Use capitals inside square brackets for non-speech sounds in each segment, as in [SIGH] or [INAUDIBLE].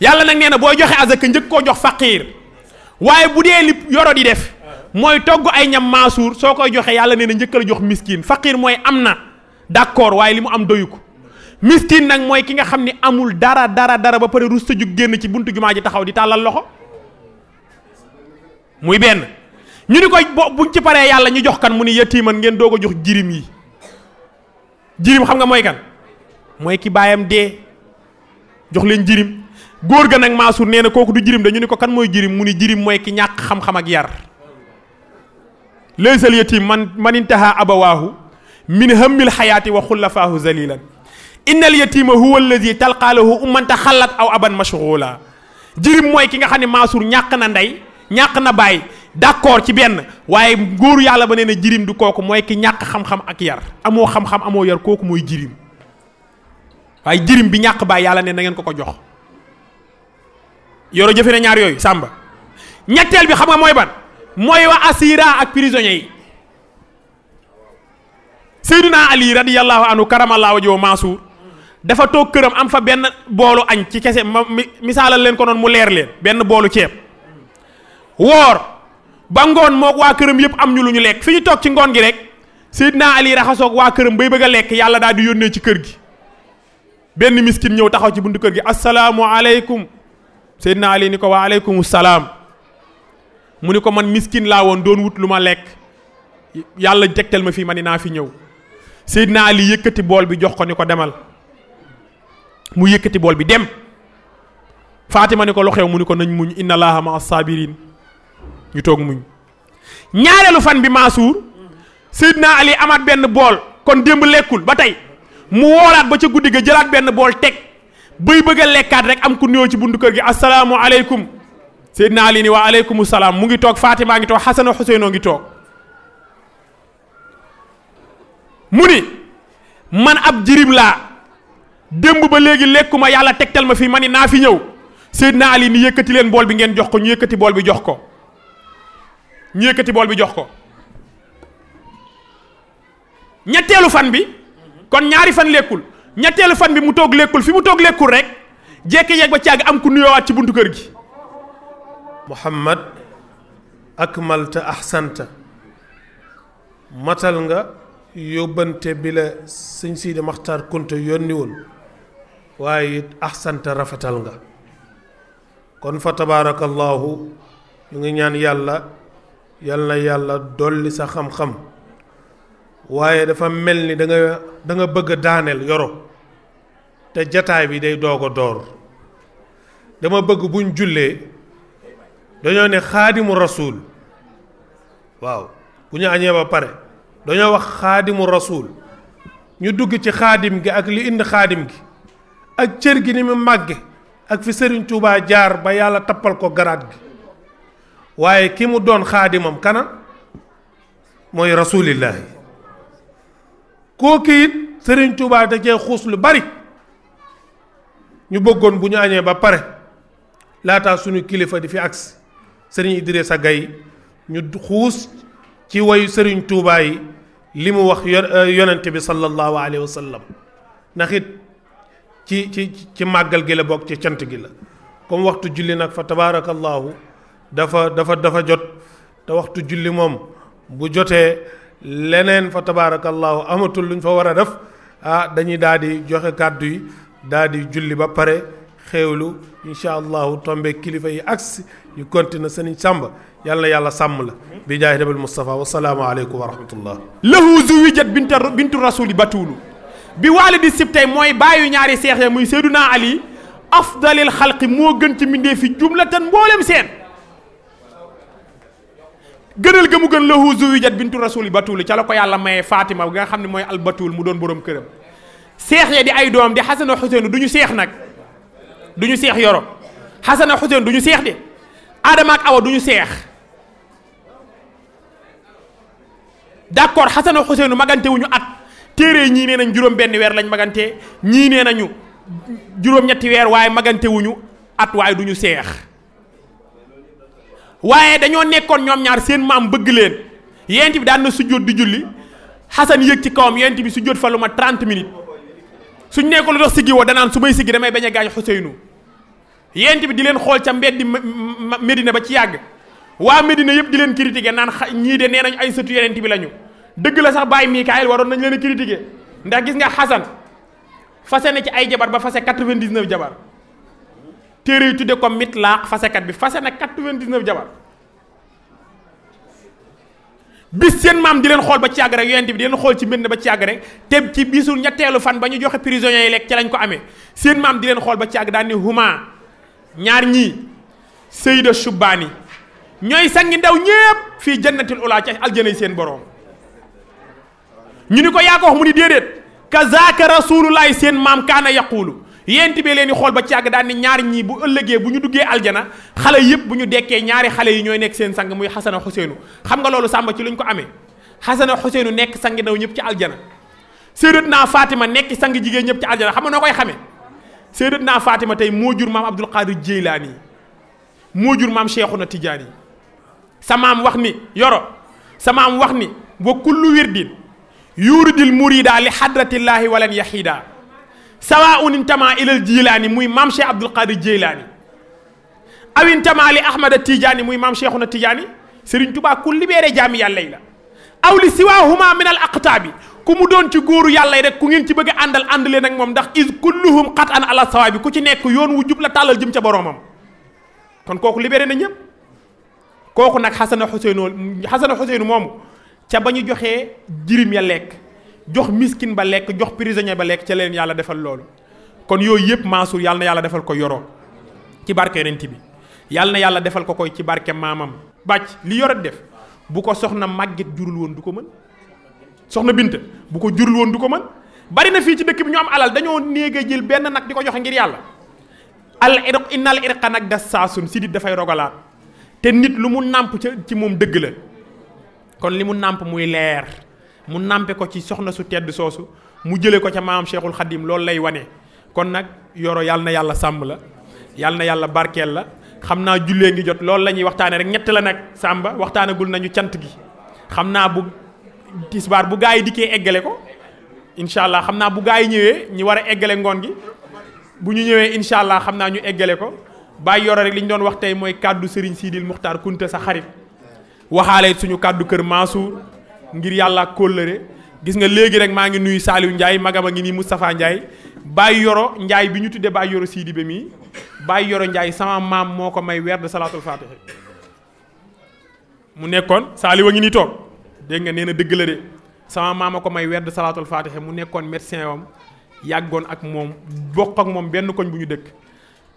yàlla nag nee na booy joxe azaka njëkk koo jox faqiir waaye bu dee li yoro di def mooy togg ay ñam maasuur soo koy joxe yàlla nee njëkkal njëkk la jox miskin faqiir mooy am na d'accord waaye li mu am doyu ko miskin nag mooy ki nga xam ni amul dara dara dara ba pare rus sa jug génn ci buntu jumaa ji taxaw di tàllal loxo muy benn ñu ni ko bo buñ ci paree yàlla ñu jox kan mu ni yatiiman ngeen doog a jox jirim yi jirim xam nga mooy kan mooy ki baayam dee jox leen jirim góor ga nag Mansour nee na kooku du jirim dañu ni ko kan mooy jirim mu ni jirim mooy ki ñàkk xam-xam ak yar laysal yatim man man intaha abawaahu min hammil xayaati wa xullafaahu zalilan inna al yatima huwa alladi talqaalahu ummanta xalat aw aban mashghula jirim mooy ki nga xam ne Mansour ñàq na ndey ñàkk na baay d'accord ci benn waaye góor yàlla ba nee na jirim du kooku mooy ki ñàkk xam-xam ak yar amoo xam-xam amoo yar kooku mooy jirim waaye jirim bi ñàkk baay yàlla ne na ngeen ko ko jox yoro jëfe na ñaar yooyu sàmba ñetteel bi xam nga mooy ban mooy wa asira ak prisonniers yi Seydina Ali radiyallahu anhu karamallahu wajhahu Mansour dafa toog këram am fa benn boolu añ ci kese ma misaalal leen ko noonu mu leer leen benn boolu ceeb woor ba ngoon mook waa këram yëpp am ñu lu ñu lekk fi ñu toog ci ngoon gi rekk rek naa Ali raxasook waa këram bay bëgg lekk yàlla daal di yónnee ci kër gi benn miskin ñëw taxaw ci buntu kër gi asalaamualeykum. Seydina Ali ni ko waa salaam mu ni ko man miskin laa woon doon wut lu ma lekk yàlla jegtal ma fii ma ni naa fi ñëw Seydina Ali yëkkati bool bi jox ko ni ko demal mu yëkkati bool bi dem Fatima ni ko lu mu ni ko nañ muñ inna laaha ma as-saabiriin ñu toog muñ ñaareelu fan bi Mansour Seydina Ali amaat benn bool kon démb lekkul ba tey mu woolaat ba ca guddi ga jëlaat benn bool teg bay bëgg lekkaat rek am ku nuyoo ci buntu kër gi asalaamualeykum Seydina Ali ni waa aleykum salaam mu ngi toog Fatima ngi toog Xasana Xuseyno ngi toog mu ni man ab jirim laa démb ba léegi lekkuma yàlla tegtal ma fii ma ni naa fi ñëw Seydina Ali ni yëkkati leen bool bi ngeen jox ko ñu yëkkati bool bi jox ko ñu yëkkati bool bi jox ko ñetteelu fan bi kon ñaari fan lekkul ñetteelu fan bi mu toog lekkul fi mu toog lekkul rek jékki yeeg ba caag am ku nuyoowaat ci buntu kër gi. Muhammad akmalta ahsanta matal nga yóbbante bi la sëñ Sidi Maxtaar Kunta yónni woon waaye it ahsanta rafetal nga kon fa tabaarakallaahu ñu ngi ñaan yàlla yal na yàlla dolli sa xam-xam. waaye dafa mel ni danga danga bëgg a daaneel yoro te jataay bi day doog a door dama bëgg buñ jullee dañoo ne xaadimu rasuul waaw bu ñu añee ba pare dañoo wax xaadimu rasuul ñu dugg ci xaadim gi ak li indi xaadim gi ak cër gi ni mu màgge ak fi sëriñ Touba jaar ba yàlla tappal ko garaat gi waaye ki mu doon xaadimam kana mooy rasuulillaahi kooku it sëriñ Tuubaa da cee xuus lu bari ñu bëggoon bu ñu añee ba pare laata suñu kilifa di fi agsi sëriñ sa Gay ñu xuus ci woyu sëriñ tuubaay li mu wax euh, yonent bi sallallahu alayhi wa sallam ci ci ci màggal gi la bokk ci cant gi la comme waxtu julli nag fa tabaarakallaahu dafa dafa dafa jot te waxtu julli moom bu jotee leneen fa tabaarakallaahu amatul luñ fa war a def ah dañuy daal di joxe kàddu yi daal di julli ba pare xéewlu incha allahu tombe kilifa yi agsi ñu continue sëniñ sàmba yàlla yàlla sàmm la bi jaay rebal moustapha wasalaamu aleykum wa rahmatullah lahu zuwijat binta bintu rasuli batuulu bi waalidi sib tey mooy bàyyu ñaari seex ya muy seyduna ali afdalil xalqi moo gën ci mbindee fi jumlatan mboolem seen gënal ga mu gën lahu zuwijat bintu rasuli batul ca la ko yàlla maye Fatima nga xam ne mooy albatul mu doon borom këram seex ya di ay doom di xasana xuseenu du ñu seex nag duñu seex yoro xasana xuseenu du ñu seex de Adama ak Awa du ñu seex d'accord xasana xuseenu magante wu ñu at téere ñii nee nañ juróom benn weer lañ magante ñii nee nañu juróom-ñetti weer waaye magantewuñu at waaye duñu seex waaye dañoo nekkoon ñoom ñaar seen maam bëgg leen yent bi daan na sujjóot di julli xasan yëg ci kawam yent bi sujjóot fa lu ma 30 minutes suñ ne ko lu tax siggi woo danaan su may siggi damay bañ a gaañ xuseynu yent bi di leen xool ca mbeddi Medina ba ci yàgg waa Medina yëpp di leen critiqué naan ñii de nee nañ ay sëtu yonent bi lañu dëgg la sax bàyyi Mikaayil waroon nañ leen a critiqué ndax gis nga xasan fase na ci ay jabar ba fase 99 jabar téere yu tudde ko mitlaax fasekat bi fase na 99 jabar bis seen maam di leen xool ba ci yàgg rek yonent bi di leen xool ci mbir na ba ci yàgg rek te ci bisul ñetteelu fan ba ñu joxe prisonniers yi lekk ca lañ ko amee seen maam di leen xool ba ci yàgg daan ni huma ñaar ñii Seyda Shubbaani ñooy sangi ndaw ñépp fii jannatil ulaa ci aljana yi seen boroom ñu ni ko yaa ko wax mu ni déedéet kazaaka rasulullahi seen maam kaana yaquulu yéen tibee leen di xool ba càgg daan ni ñaar ñii bu ëllëgee bu ñu duggee aljana xale yëpp bu ñu dekkee ñaari xale yi ñooy nekk seen sang muy xasana xuseenu xam nga loolu sàmba ci luñ ko amee xasana xuseenu nekk sang ndaw ñëpp ci aljana séedéet naa Fatima nekk sang jigéen ñëpp ci aljana xam nga noo koy xamee séedéet naa Fatima tey moo jur maam Abdul Qadir Jeylaani moo jur maam na Cheikhuna Tijaani sama am wax ni yoro sa maam wax ni wa kullu wirdin yuridil murida li xadratillaahi walan yaxiida سواء انتمى الى الجيلاني موي مام شيخ عبد القادر الجيلاني او انتمى لاحمد التيجاني موي مام شيخنا التيجاني سيرن توبا كل بيري جامي يالله لا او لسواهما من الاقطاب كومو دون تي غورو يالله رك كو نين تي بيغي اندال اندلي نك موم داخ اذ كلهم قد ان على صوابي كو تي نيك يون و جوب لا تالال جيم تي بروم كون كوكو ليبيري نيب كوكو نك حسن حسين حسن حسين موم تي باني جوخي جيريم يالك jox miskin ba lekk jox prisonnier ba lekk ca leen yàlla defal loolu kon yooyu yëpp Mansour yàlla yàlla defal ko yoroo ci barke rent bi yàlla na yàlla defal ko koy ci barke maamam bàcc li yoret def bu ko soxna màgget jurul woon du ko mën soxna Binta bu ko jurul woon du ko mën bari na fii ci dëkk bi ñu am alal dañoo néega jël benn nag di ko joxe ngir yàlla al irq innal irqa nag da saasun sidit dafay rogalaat te nit lu mu nàmp ca ci moom dëgg la kon li nàmp muy leer mu nàmpe ko ci soxna su tedd soosu mu jële ko ca maam Cheikhul Khadim loolu lay wane kon nag yoro yàlla na yàlla sàmb la yàlla na yàlla barkeel la xam naa jullee ngi jot loolu la ñuy waxtaane rek ñett la nag sàmba waxtaanagul nañu cant gi xam naa bu tisbaar bu gaa yi dikkee eggale ko incha allah xam naa bu gaa yi ñëwee ñi war a eggale ngoon gi bu ñu ñëwee incha allah xam naa ñu eggale ko bàyyi yoro rek li ñu doon wax tey mooy kàddu Serigne Sidil Muxtaar Kunta sa xarit suñu kàddu kër Mansour ngir yàlla ak kóllëre gis nga léegi rek maa ngi nuyu Saliou Ndiaye magam a ngi nii Moustapha Ndiaye Baye Yoro njaay bi ñu tuddee Baye Yoro be mii Baye Yoro Ndiaye sama maam moo ko may weer de salaatul faatiha mu nekkoon Saliou a dégg nga nee na dëgg la maam a ko may weer de salaatul mu nekkoon médecin wam yàggoon ak moom bokk ak moom benn koñ bu ñu dëkk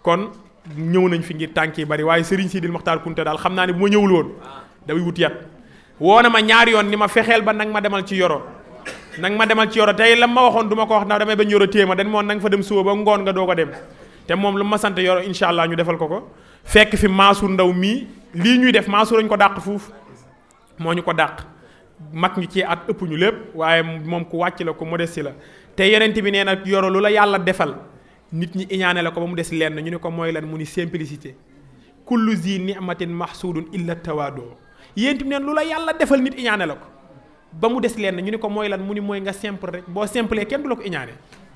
kon ñëw nañ fi ngir tànk yi bari waaye sëriñ Sidil Mokhtar Kounta daal xam naa ne bu ma ñëwul woon dafay wut yat wona ma ñaar yoon ni ma fexel ba nag ma demal ci yoro nag ma demal ci yoro tay lam ma waxon duma ko wax na dama ba ñoro téema dañ mo nang fa dem suwa ba ngon nga doo dem te mom lu ma sante yoro inshallah ñu defal ko ko fekk fi maasur ndaw mi li ñuy def maasur ñu ko dakk fuf mo ñu ko dakk mak ñu ci at ëpp ñu lépp waye mom ku wàcc la ku modesti la te yonent bi neena yoro lu la yàlla defal nit ñi iñané la ko ba mu dess lenn ñu ne ko moy lan mu ni simplicité kullu zin ni'matin mahsudun illa tawadu' yéen itam neen lula yàlla defal nit iñane lako ba mu dess len ñu ni ko mooy lan mu ni mooy nga simple rek bo simple ken du lako iñane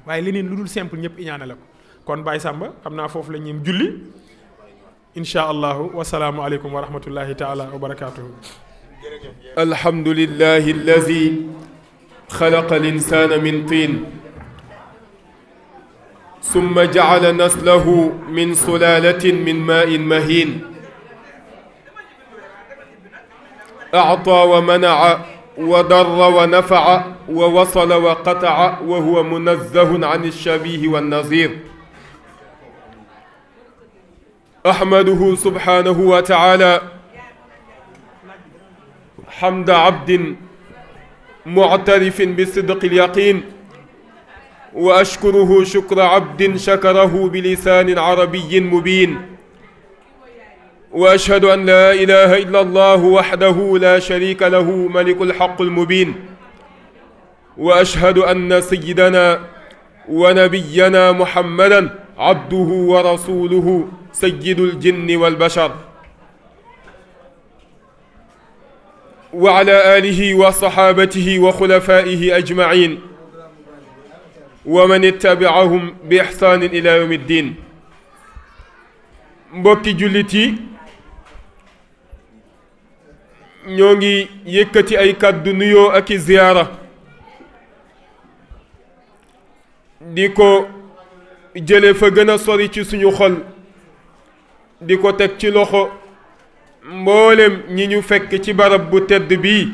waye waaye leneen lu simple ñep iñane lako kon bay Samba xamna fofu la ñim julli insha wa wasalaamu alaykum wa rahmatullahi taala wa الحمد لله الذي خلق الانسان من طين ثم جعل نسله من سلالة من ماء مهين أعطى ومنع وضر ونفع ووصل وقطع وهو منزه عن الشبيه والنظير أحمده سبحانه وتعالى حمد عبد معترف بصدق اليقين وأشكره شكر عبد شكره بلسان عربي مبين واشهد ان لا اله الا الله وحده لا شريك له ملك الحق المبين واشهد ان سيدنا ونبينا محمدا عبده ورسوله سيد الجن والبشر وعلى اله وصحابته وخلفائه اجمعين ومن اتبعهم باحسان الى يوم الدين mbokki جلتي ñongi yekati ay kàddu nuyo ak ziyara diko jële fa gëna sori ci suñu xol diko tek ci loxo mbolem ñi ñu fekk ci barab bu tedd bi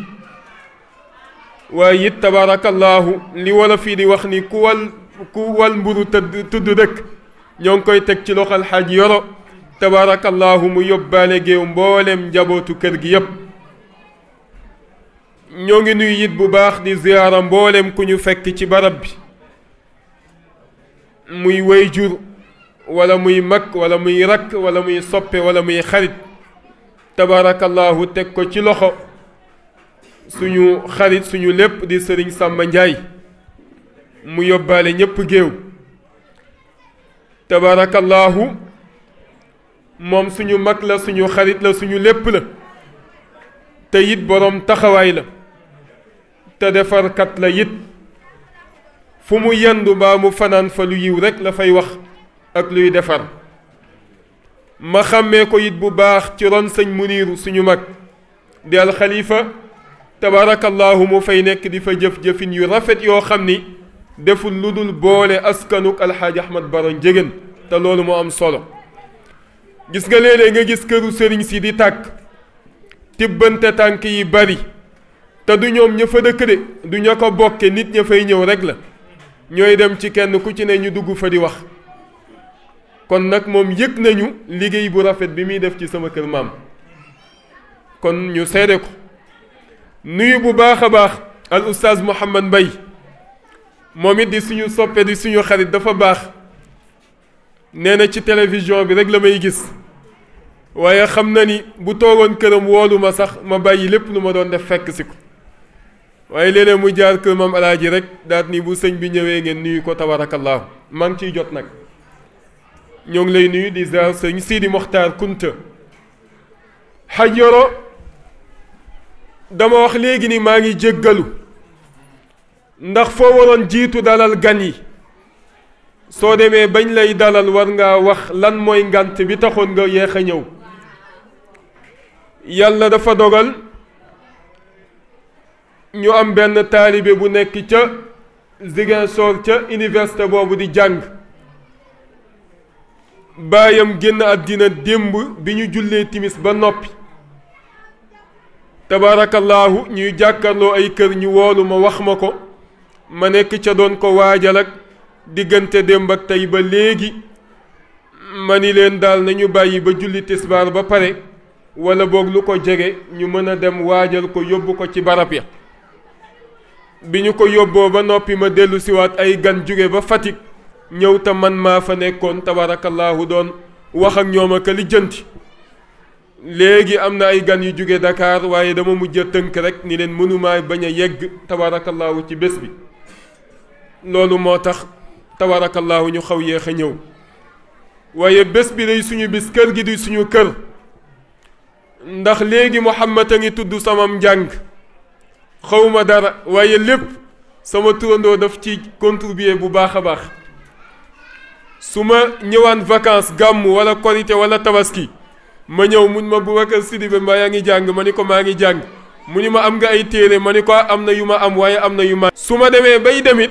wa it tabaarakallaahu li wala fi di wax ni ku wal ku wal mburu tëdd tudd rek ñoo koy tek ci loxal xaaj yoro tabarakallah mu yobale géew mbolem njabootu kër gi yépp ñoo ngi nuy it bu baax di ziyaara mboolem ku ñu fekk ci barab bi muy jur walla muy mag wala muy rakk wala muy soppe wala muy xarit tabaarakallaahu teg ko ci loxo suñu xarit suñu lépp di sëriñ Samba Ndiaye mu yóbbaale ñépp géew tabaarakallaahu moom suñu mag la suñu xarit la suñu lépp la te it boroom taxawaay la te defarkat la it fu mu yendu baa mu fanaan fa lu yiw rekk la fay wax ak luy defar ma xàmmee ko it bu baax ci ron sëñ muniiru suñu mag di alxalifa tabaarakallaahu mu fay nekk di fa jëf-jëfin yu rafet yoo xam ni deful lu dul boole askanuk alxaaji ahmad baro njégén te loolu moo am solo gis nga léeg-léeg nga gis këru sëriñ si di tàkk tibbante tànk yi bari te du ñoom ña fa dëkk de du ña ko bokke nit ña fay ñëw rek la ñooy dem ci kenn ku ci ne ñu dugg fa di wax kon nag moom yëg nañu liggéey bu rafet bi muy def ci sama kër maam kon ñu seede ko nuyu bu baax a baax al oustaz Mouhamad Mbaye moom it di suñu soppe di suñu xarit dafa baax nee na ci télévision bi rek la may gis waaye xam na ni bu toogoon këram woolu ma sax ma bàyyi lépp lu ma doon def fekk si ko waaye léeg mu jaar kër maam alaaji rek daat nii bu sëñ bi ñëwee ngeen nuyu ko tabarakallah maa ngi ciy jot nag ñoo ngi lay nuyu di ziar sëñ Sidi Mokhtar Kunta xaj yoro dama wax léegi ni maa ngi jéggalu ndax foo waroon jiitu dalal gan yi soo demee bañ lay dalal war ngaa wax lan mooy ngant bi taxoon nga yéex a ñëw yàlla dafa dogal ñu am benn taalibe bu nekk ca Ziguinchor ca université boobu di jàng baayam génn àddina démb bi ñu jullee timis ba noppi tabaarakallaahu ñuy jàkkarloo ay kër ñu woolu ma wax ma ko ma nekk ca doon ko waajal ak diggante démb ak tey ba léegi ma ni leen daal nañu bàyyi ba julli tisbaar ba pare wala boog lu ko jege ñu mën a dem waajal ko yóbbu ko ci barab ya bi ñu ko yóbboo ba noppi ma dellusiwaat ay gan jóge ba Fatick ñëw te man maa fa nekkoon tabarakallaahu doon wax ak ñoom ak li jënti léegi am na ay gan yu jóge Dakar waaye dama mujj tënk rek ni leen mënumaa bañ a yegg tabarakallaahu ci bés bi loolu moo tax tabarakallaahu ñu xaw yéex a ñëw waaye bés bi day suñu bis kër gi di suñu kër ndax léegi Muhammad a ngi tudd samam njàng xawma dara waaye lépp sama turandoo daf ci contribuer bu baax a baax su ma ñëwaan vacances gàmm wala korité wala tabaski ma ñëw mun ma Boubacar Sidibé mbaa yaa ngi jàng ma ni ko maa ngi jàng mu ni ma am nga ay téere ma ni ko am na yu ma am waaye am na yu ma su ma demee bay demit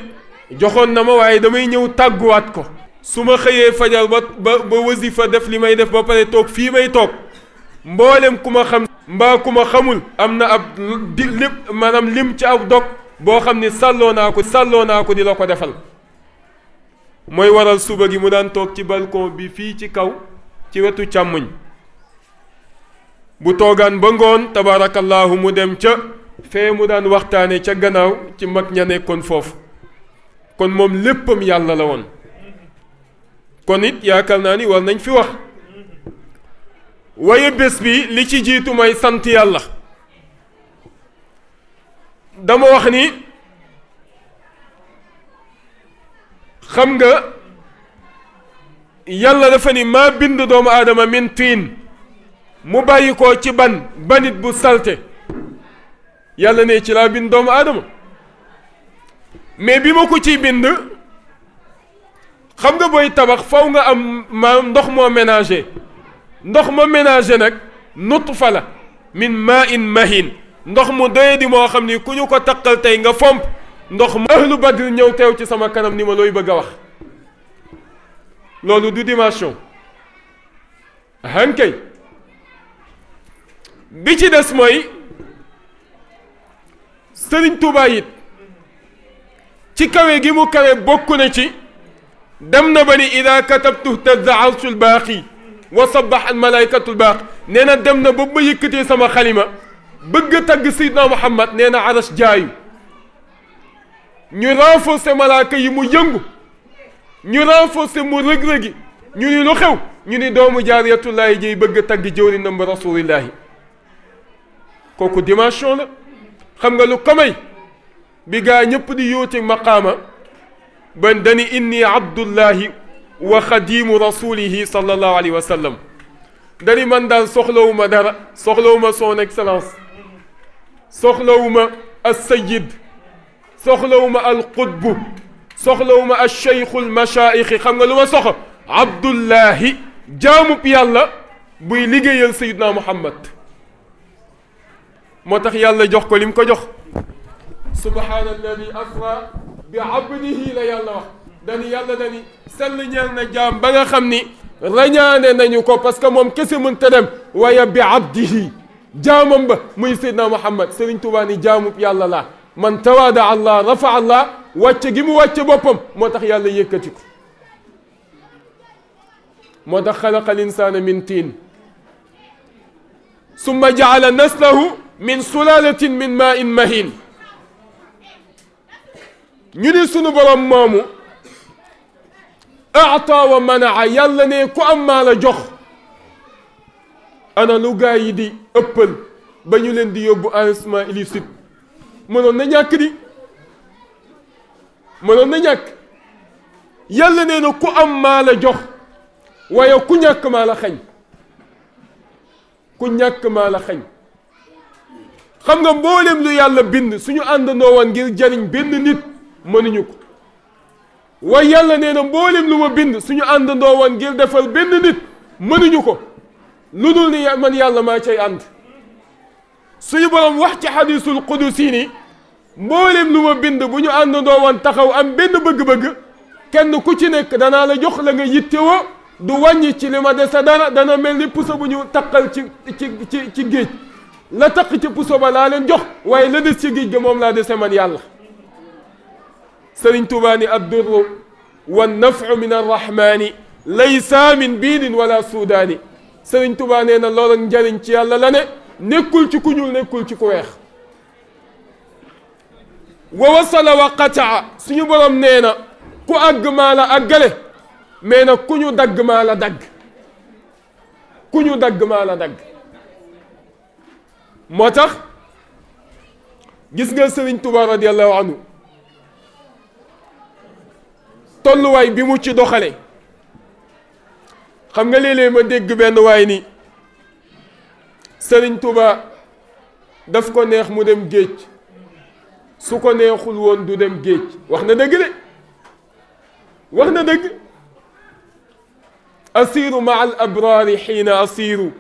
joxoon na ma waaye damay ñëw tàgguwaat ko su ma xëyee fajar ba ba ba wasifa def li may def ba pare toog fii may toog mboolem ku ma xam mbaa ku ma xamul am na ab di lim maanaam lim ci ab dog boo xam ne sàlloo naa ko sàlloo naa ko di la ko defal mooy waral suba gi mu daan toog ci balkon bi fii ci kaw ci wetu càmmoñ bu toogaan ba ngoon tabaarakallaahu mu dem ca fee mu daan waxtaane ca gannaaw ci mag ña nekkoon foofu kon moom léppam yàlla la woon kon it yaakaar naa ni war nañ fi wax waye bés bi li ci jiitu mooy sant yàlla dama wax ni xam nga yàlla dafa ni maa bind doomu aadama min tiin mu bàyyi ko ci ban banit bu salte yàlla ne ci laa bind doomu aadama mais bi ma ko ciy bind xam nga booy tabax faw nga am maam ndox moo ménager ndox ma ménagé nag nutfa la min maa mahin ndox mu doye di moo xam ni ku ñu ko taqal tey nga fomp ndox mu ahlu badr ñëw teew ci sama kanam ni ma looy bëgg a wax loolu du dimension hankay bi ci des mooy sëriñ Tuubaa it ci kawe gi mu kawe bokku na ci dem na ba ni ida katabtu tazza arsul وصبح الملائكة الباق نينا دمنا ببا يكتي سما خليمة بقى تق سيدنا محمد نينا عرش جاي ني رانفو سي ملائكة يمو ينغو ني رانفو سي مرق رقي ني نلخو ني دوم جارية الله جي بقى تق نمبر رسول الله كوكو ديماشون لا خمغا لو كمي بيغا نيب يوتي مقاما بندني اني عبد الله wa xadiimu rasulihi sallallahu alayhi wa sallam dari man daal soxlawuma dara soxlawuma son excellence soxlawuma assayid soxlawuma alqutbu soxlawuma alcheyxu almachaayixi xam nga lu ma soxla abdullahi jaamub yàlla buy liggéeyal sayidna muhammad moo tax yàlla jox ko lim ko jox subhaana alladi asra bi abdihi la yàlla wax dani yàlla dani sel ñal na jam ba nga xamni rañane nañu ko parce que mom kesse mën mënta dem waya bi abdihi jaamam ba muy Seydina Muhammad Serigne Touba ni jaamub yàlla la man tawada allah rafa allah wacc gi mu wacc bopam motax yàlla yekati ko motax khalaqa al insaana min tin summa jaala naslahu min sulalatin min ma'in mahin ñu ni sunu borom momu اعطى ومنع يلني كأما لجخ انا لو جاي دي ابل بنيو لين دي يوبو انسما آه اليسيت منو نياك دي منو نياك يلني كأما لجخ ويا كنياك ما لخن كنياك ما لخن xam nga mbolem lu yalla bind suñu and no won ngir jariñ benn nit mënuñu ko waaye yàlla nee na mboolem lu ma bind suñu àndandoo woon ngir defal benn nit mënuñu ko lu dul ni man yàlla maa cay ànd suñu borom wax ci xadisul qudusi ni mboolem lu ma bind bu ñu àndandoo woon taxaw am benn bëgg-bëgg kenn ku ci nekk danaa la jox la nga yittewoo du wàññi ci li ma dese dara dana mel ni puso bu ñu taqal ci ci ci ci géej la taq ci puso ba laa leen jox waaye la des ci géej ga moom laa dese man yàlla sëriñ Tuubaa ni addurru wannafu min arrahmani laysa min biidin wala suudaani sëriñ Tuubaa nee na lool ak njariñ ci yàlla la ne nekkul ci ku ñuul nekkul ci ku weex wa wasala wa qataa suñu borom nee na ku àgg maa la àggale mais nag ku ñu dagg maa la dagg ku ñu dagg maa la dagg moo tax gis nga sëriñ Tuubaa radiallahu anhu tolluwaay bi mu ci doxale xam nga lele ma dégg ben way ni serigne touba daf ko neex mu dem géej su ko neexul won du dem géej wax na dëgg de wax na dëgg asiru maa al abraari xiina asiru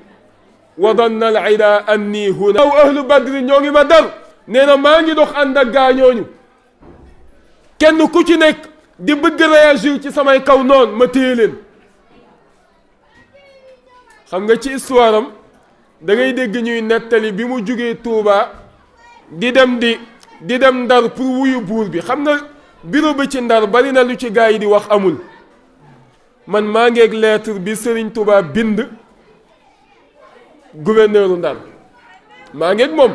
wa danna al ida anni huna aw ahlu badri ñoo ngi ma dar nee na maa ngi dox di bëgg réagir ci samay kaw noonu ma téye leen xam nga ci histoire dangay dégg ñuy nettali bi mu jógee Touba di dem di di dem ndar pour wuyu buur bi xam nga bureau bi ci ndar bari na lu ci gaa yi di wax amul man maa ngeeg lettre bi sëriñ Touba bind gouverneur u ndar maa ngeeg moom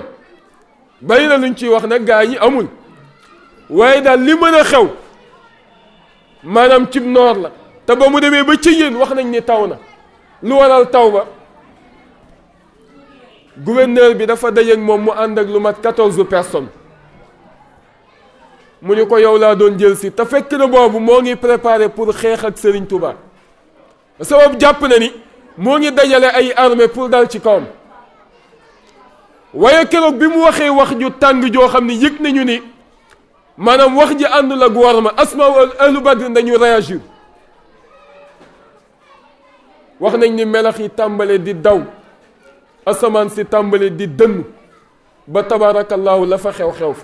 bari na luñ ci wax na gaa yi amul waaye daal li mën a xew. manam ci noor la te ba mu demee ba ci yéen wax nañ ni taw na lu waral taw ba gouverneur bi dafa dajeeg moom mu ànd ak lu mat quatorze personnes mu ni ko yow laa doon jël si te fekk na boobu moo ngi préparé pour xeex ak Serigne Touba sababu jàpp na ni moo ngi dajale ay armée pour dal ci kawam waaye keroog bi mu waxee wax ju tàng joo xam ni yëg nañu ni. manam wax ji àndul la war asma wal ahlu badr dañu réagir wax nañ ni melax yi tàmbale di daw asamaan si tàmbale di deun ba tabaarakallaahu la fa xew-xew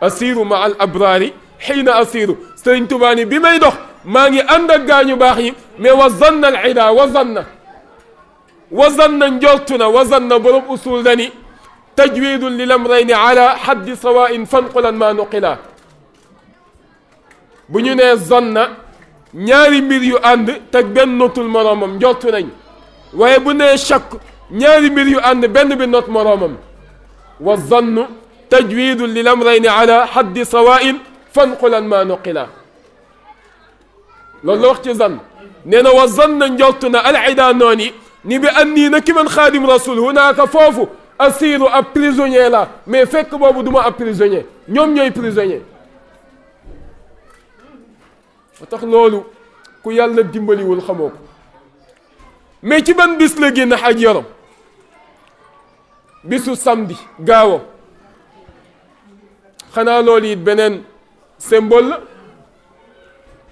asiru ma al abrari hina asiru sëriñ tubaa ni bi may dox ma ngi ànd ak gañu bax yi mais wa zanna al ida wa zanna wa zanna njortuna wa zanna borom usul dani تجويد للمرين على حد سواء فانقلا ما نقلا بني نه زن نياري مير اند تك بن نوتول مروم جوت نين واي بني شك نياري مير يو اند بن بن نوت مروم والظن تجويد للمرين على حد سواء فانقلا ما نقلا لو لوخ تي زن نينا وظن جوتنا العدا نوني ني باني نك من خادم رسول هناك فوفو asiru ab prisonnier la mais fekk que duma ab prisonnier ñom ñoy prisonnier tax ku yalla dimbali wul xamoko mais ci ban bis la genn bisu samedi gaawam xana loolu it Benen symbole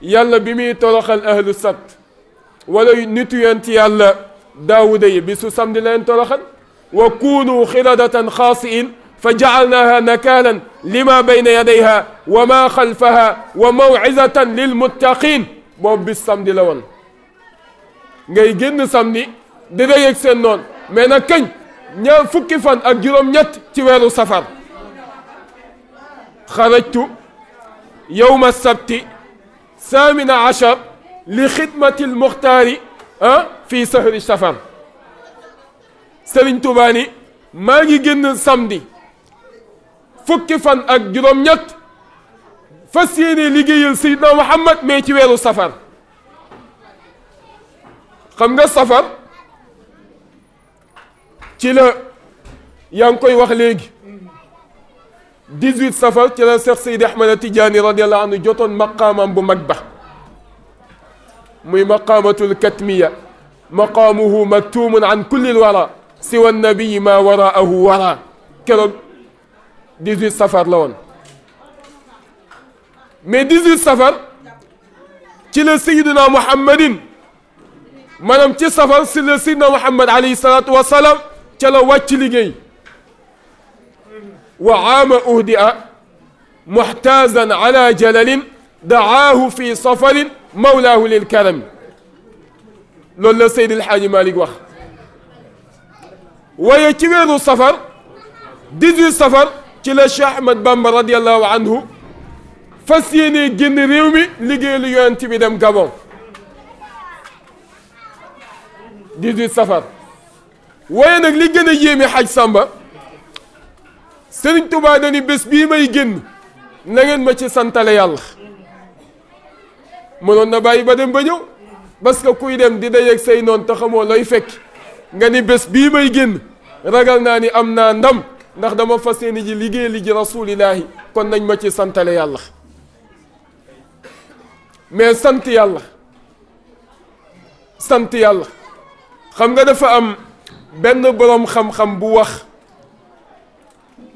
Yalla Bimi bi y toroxal un sabt wala nitu a yalla daawuda yi bisu samedi un toroxal وكونوا خلدة خاصئين فجعلناها نكالا لما بين يديها وما خلفها وموعظة للمتقين بوب السمد لون غي جن سمدي دي سنون مينا كن نيا فكي فان اك جيروم نيت سفر خرجت يوم السبت ثامن عشر لخدمة المختار في سهر السفر Serigne Touba ni maa ngi génn samedi fukki fan ak juróom-ñett fas yéene liggéeyal Seydina Muhammad mais ci weeru safar xam nga safar ci la yaa ngi koy wax léegi 18 safar ci la Cheikh Seydi Ahmad Tidiane radiyallahu anhu jotoon maqaamam bu mag ba muy maqaamatul katmiya maqaamuhu maktuumun an kulli lwara سوى النبي ما وراءه وراء كلام 18 سفر لون مي 18 سفر تي سيدنا محمد مانام تي سفر سيدنا محمد عليه الصلاه والسلام تي لا واتي وعام اهدا محتازا على جلل دعاه في سفر مولاه للكرم لول سيد الحاج مالك واخ ويتيرو سفر ديزو سفر تيلا شيخ احمد بامبا رضي الله عنه فاسيني جن ريومي لجي لي يونتي بي دم غابون ديزو سفر وي نك لي جن ييمي حاج سامبا سيرن توبا داني بس بي ماي جن نغن ما سي سانتال يالله مونون نباي با دم با نيو باسكو كوي دم دي دايك سي نون تخمو لوي فك nga ni bés bii may génn ragal naa ni am naa ndam ndax dama fas yéene ji liggéey li ji rasulillahi kon nañ ma ci santale yàlla mais sant yàlla sant yàlla xam nga dafa am benn boroom xam-xam bu wax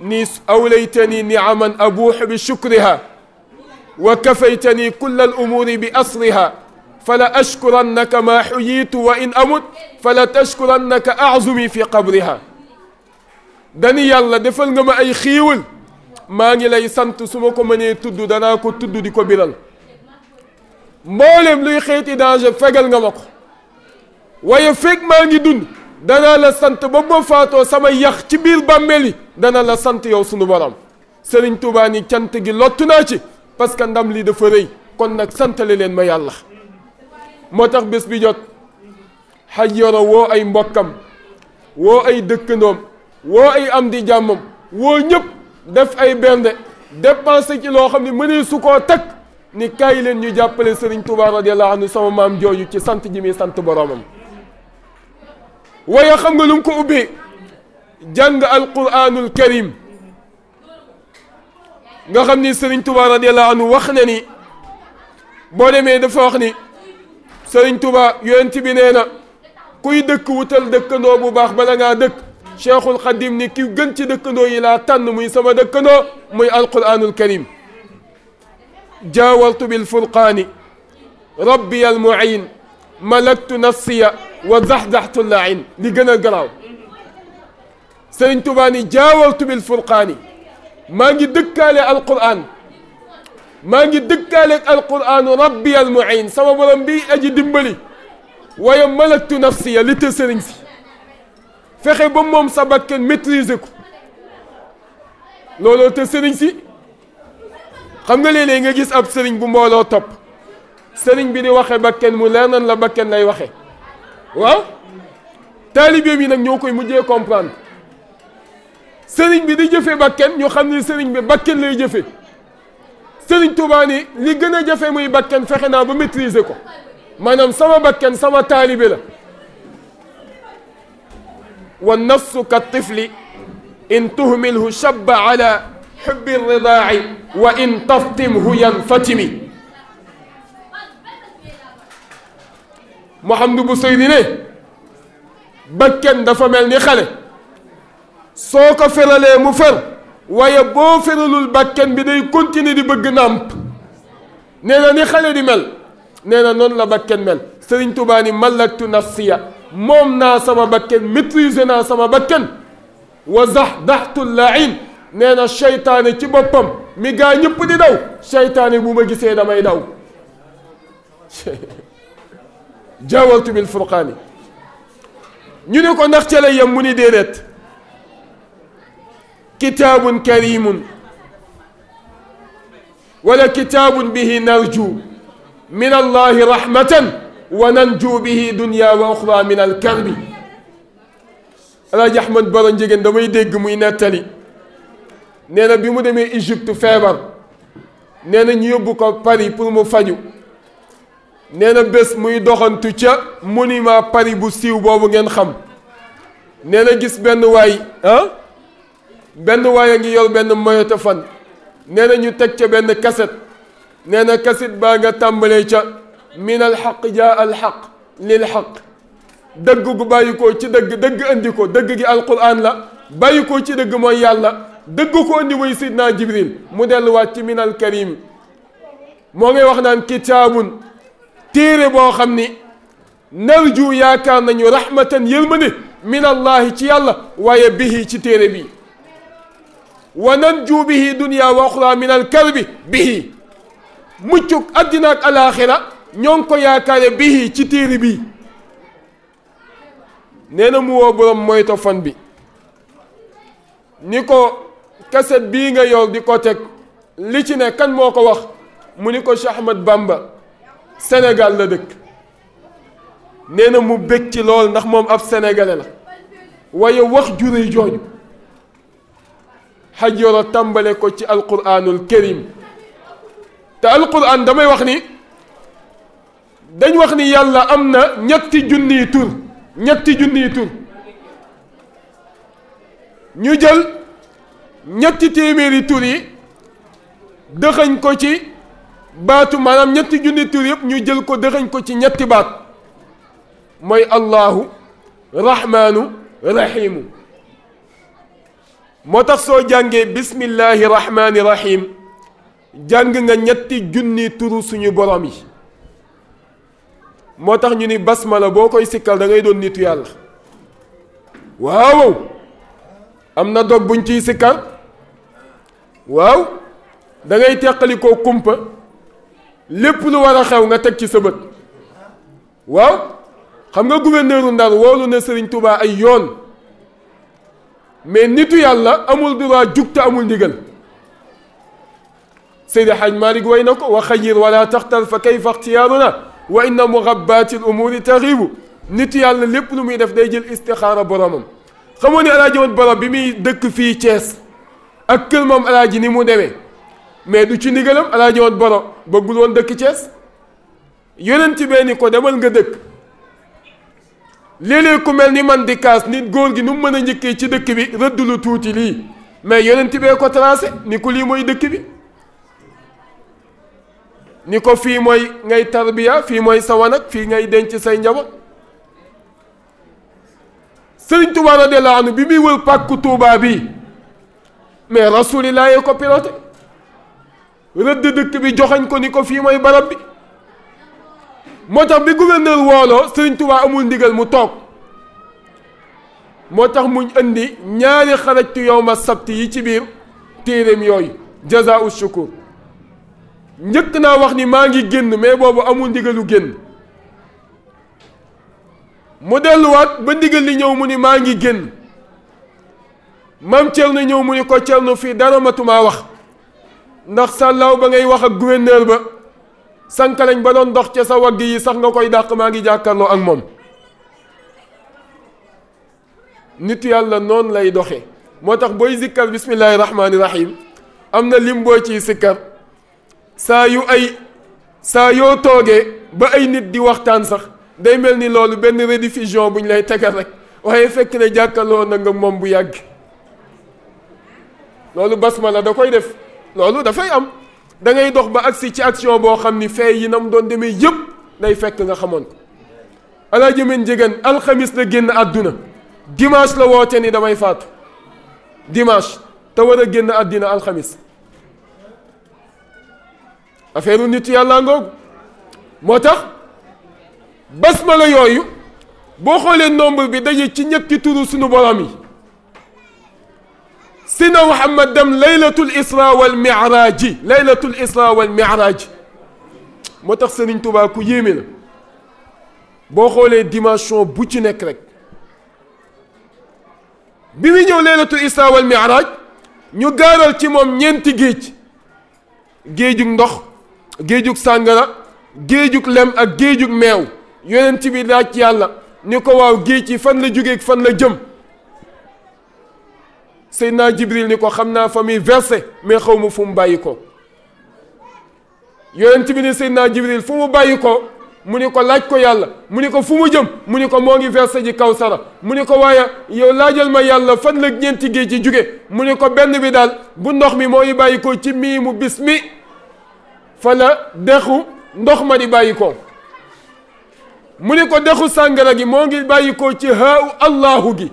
ni awlaytani niaman abuux bi shukriha wa kafaytani kulla al umuuri bi asriha فلأشكرنك ما حييت وإن أمت فلتشكرنك أعظمي في قبرها dani yàlla defal nga ma ay xiiwal maa ngi lay sant su ma ko mënee tudd danaa ko tudd di ko biral mboolem luy xeeti danger fegal nga ma ko waaye fekk maa ngi dund danaa la sant ba ma faatoo sama yax ci biir bàmmeel yi dana la sant yow sunu borom Serigne Touba ni cant gi lottu naa ci parce que ndam li dafa rëy kon nag santale leen ma yàlla motax bés bi jot xaj wo ay mbokam wo ay dëkkandoom wo ay am di jàmmam wo ñep def ay bende dépenser ci lo xamni mene mënee su koo takk ni kay leen ñu jàppale Serigne Touba radiyallahu anhu sama mam joju ci sante ji mi sante boromam waya xam nga lu ko ubbé jàng alquranul karim nga xamni Serigne Touba radiyallahu anhu wax na ni boo demee dafa wax ni سرين توبا يونتي بي نينا كوي دك ووتال دك نو بو باخ بالا نا دك شيخ القديم ني كي گن سي دك نو يلا تان موي سما دك نو موي القران الكريم جاولت بالفرقان ربي المعين ملكت نفسي وزحزحت اللعين لي گنا گراو سرين توبا ني جاولت بالفرقان ماغي دكالي القران ماجي دكالك القران ربي المعين سما بولم بي اجي ديمبلي ويا ملكت نفسي لتي سيرنج فخي بوم موم سباكن ميتريزكو لولو تي سيرنج سي خمغا لي لي nga gis ab سيرنج بو مولو توب سيرنج بي ني واخه باكن مو لنان لا باكن لاي واخه واو طالبي مي نك نيوكاي مودي كومبراند سيرنج بي دي جيفه باكن ньо خامني سيرنج بي باكن لاي جيفه Sëriñ Tuubaa ni li gën a jafe muy bakkan fexe naa ba maîtriser ko maanaam sama bakkan sama taalibe la wa nafsu ka tifli in tuhmilhu shabba ala xubbi ridaai wa in taftimhu yanfatimi Mouhamadou Bousayri ne bakkan dafa mel ni xale soo ko feralee mu fer waaye boo feralul bakkan bi day continuer di bëgg nàmp nee na ni xale di mel nee na noonu la bakkan mel Sëriñ Tuubaa ni malaktu nafsiya moom naa sama bakkan maîtriser naa sama bakkan wa zahdaxtu lain nee na seytaane ci boppam mi gaa ñëpp di daw seytaane bu ma gisee damay daw jawaltu bil furqaani ñu ne ko ndax ca la yem mu ni déedéet كتاب كريم ولا كتاب به نرجو من الله رحمة وننجو به دنيا وأخرى من الكرب راجي أحمد برنجيجن دمي ديغ موي نتالي نينا بيمو ديمي إيجيبت فيبر نينا نيوبو كو باري بور مو فاجو نينا بس موي دوخان توتيا موني ما باري بو سيو بوبو نين خام نينا غيس بن واي ها أه؟ benn waaye ngi yor benn moyote fan nee na ñu teg ca benn kaset nee na kaset baa nga tàmbalee ca min alxaq jaa alxaq lil xaq dëgg gu bàyyi ko ci dëgg dëgg andi ko dëgg gi alquran la bàyyi ko ci dëgg mooy yàlla dëgg ko andi mooy sidna jibril mu delluwaat ci min alkarim moo ngay wax naan kitaabun téere boo xam ni narju yaakaar nañu rahmatan yërmande min allahi ci yàlla waaye bihi ci téere bi وننجو به دنيا واخرى من الكرب به muccug ادناك الاخره نيونكو ñoo به تي تيري بي نينا مو بروم موي na mu woo borom moyto fan nga yor di ko tek li ci ne kan moko wax mu ni ko Cheikh ahmed Bamba Sénégal la dëkk nee mu becc ci lool ndax mom ab sénégalais la waye wax juri jooju حجر تمبلكو تي القران الكريم تا القران داماي واخني دنج واخني يالا امنا نيتي جوني تور نيتي جوني تور ني جيل نيتي تيميري تور يي دخن كو تي باتو مانام نيتي جوني تور ييب ني جيل كو دخن كو تي نيتي بات موي الله رحمن رحيم motax so jange bismillahir rahmanir rahim jàng nga ñetti junni turu suñu borom yi motax ñu ni basmala bokoy sikkal da ngay doon nitu yàlla waaw amna dog buñ ci sikkal waaw da ngay tekkali ko kumpa lépp lu wara xew nga tek ci sebet bët waaw xam nga gouverneur Ndar wolu ne Serigne Touba ay yoon من nitu yalla amul droit jukta amul ndigal سيدي حاج مالك وينك وخير ولا تختل فكيف اختيارنا وان مغبات الامور تغيب نيت يالا ليپ نومي داف داي جيل استخاره بروم خموني الاجي مود بروم بيمي دك في تيس اك كل موم الاجي ني مو ديمي مي دو تي نيغلام الاجي مود بروم بغول وون دك تيس يونتي بيني كو ديمال نغا دك léeg ku mel ni man di kaas nit góor gi nu mu mën a njëkkee ci dëkk bi rëdd lu tuuti lii mais yonent bee ko tracé ni ko lii mooy dëkk bi ni ko fii mooy ngay tarbiya fii mooy sa wanag fii ngay denc say njaboot sëriñ Tuubaa radiyallaahu anhu bi muy wër pàkku Tuubaa bi mais rasuulillaahi ko piloté rëdd dëkk bi joxañ ko ni ko fii mooy barab bi motax bi gouverneur wolo serigne touba amul ndigal mu tok motax muñ andi ñaari xarajtu yowma sabti yi ci bir terem yoy jazaa'u u shukur njëkk naa wax ni maa ngi génn mais boobu amul ndigalu génn mu delluwaat ba ndigal li ñëw mu ni maa ngi génn mam na ñëw mu ni ko Cerno fii dara matumaa wax ndax sàllaaw ba ngay wax ak gouverneur ba sànq lañ ba doon dox ci sa wagg yi sax nga koy dàq maa ngi jàkkarloo ak moom nit yàlla noonu lay doxe moo tax booy zikkar bismillahi rahmaani rahim am na lim boo ciy sikkar saa yu ay saa yoo toogee ba ay nit di waxtaan sax day mel ni loolu benn rediffusion buñ lay tegal rek waaye fekk ne jàkkaloo na nga moom bu yàgg loolu basmala da koy def loolu dafay am da ngay dox ba aksi ci action boo xam ni fee yi nam doon demee yëpp day fekk nga xamoon ko alaaji men jigéen alxamis la génn àdduna dimanche la woote ni damay faatu dimanche te war a génn àddina alxamis affaire nit yàlla ngoog moo tax basmala yooyu boo xoolee nombre bi daje ci ñetti turu sunu borom yi سيدنا محمد دم ليلة الإسراء والمعراج ليلة الإسراء والمعراج موتاخ سيرن توبا كو ييمي لا بو خولي ديماسيون بوتي نيك ريك ليلة الإسراء والمعراج ني غارال تي موم نينتي جيجوك ندوخ جيجوك سانغرا جيجوك لم اك ميو يونتي بي لاك يالا نيكو جيجي فان لا جوغي فان Seydina Jibril ni ko xam naa fa muy versé mais xaw ma fu mu bàyyi ko yonent bi ni Seydina Jibril fu mu bàyyi ko mu ni ko laaj ko yàlla mu ni ko fu mu jëm mu ni ko moo ngi versé ji Kawsara mu ni ko waaye yow laajal ma yàlla fan la ñeenti géej ci jóge mu ni ko benn bi daal bu ndox mi moo ngi bàyyi ko ci mii mu bis mi fa la dexu ndox ma di bàyyi ko mu ni ko dexu sàngara gi moo ngi bàyyi ko ci haaw allahu gi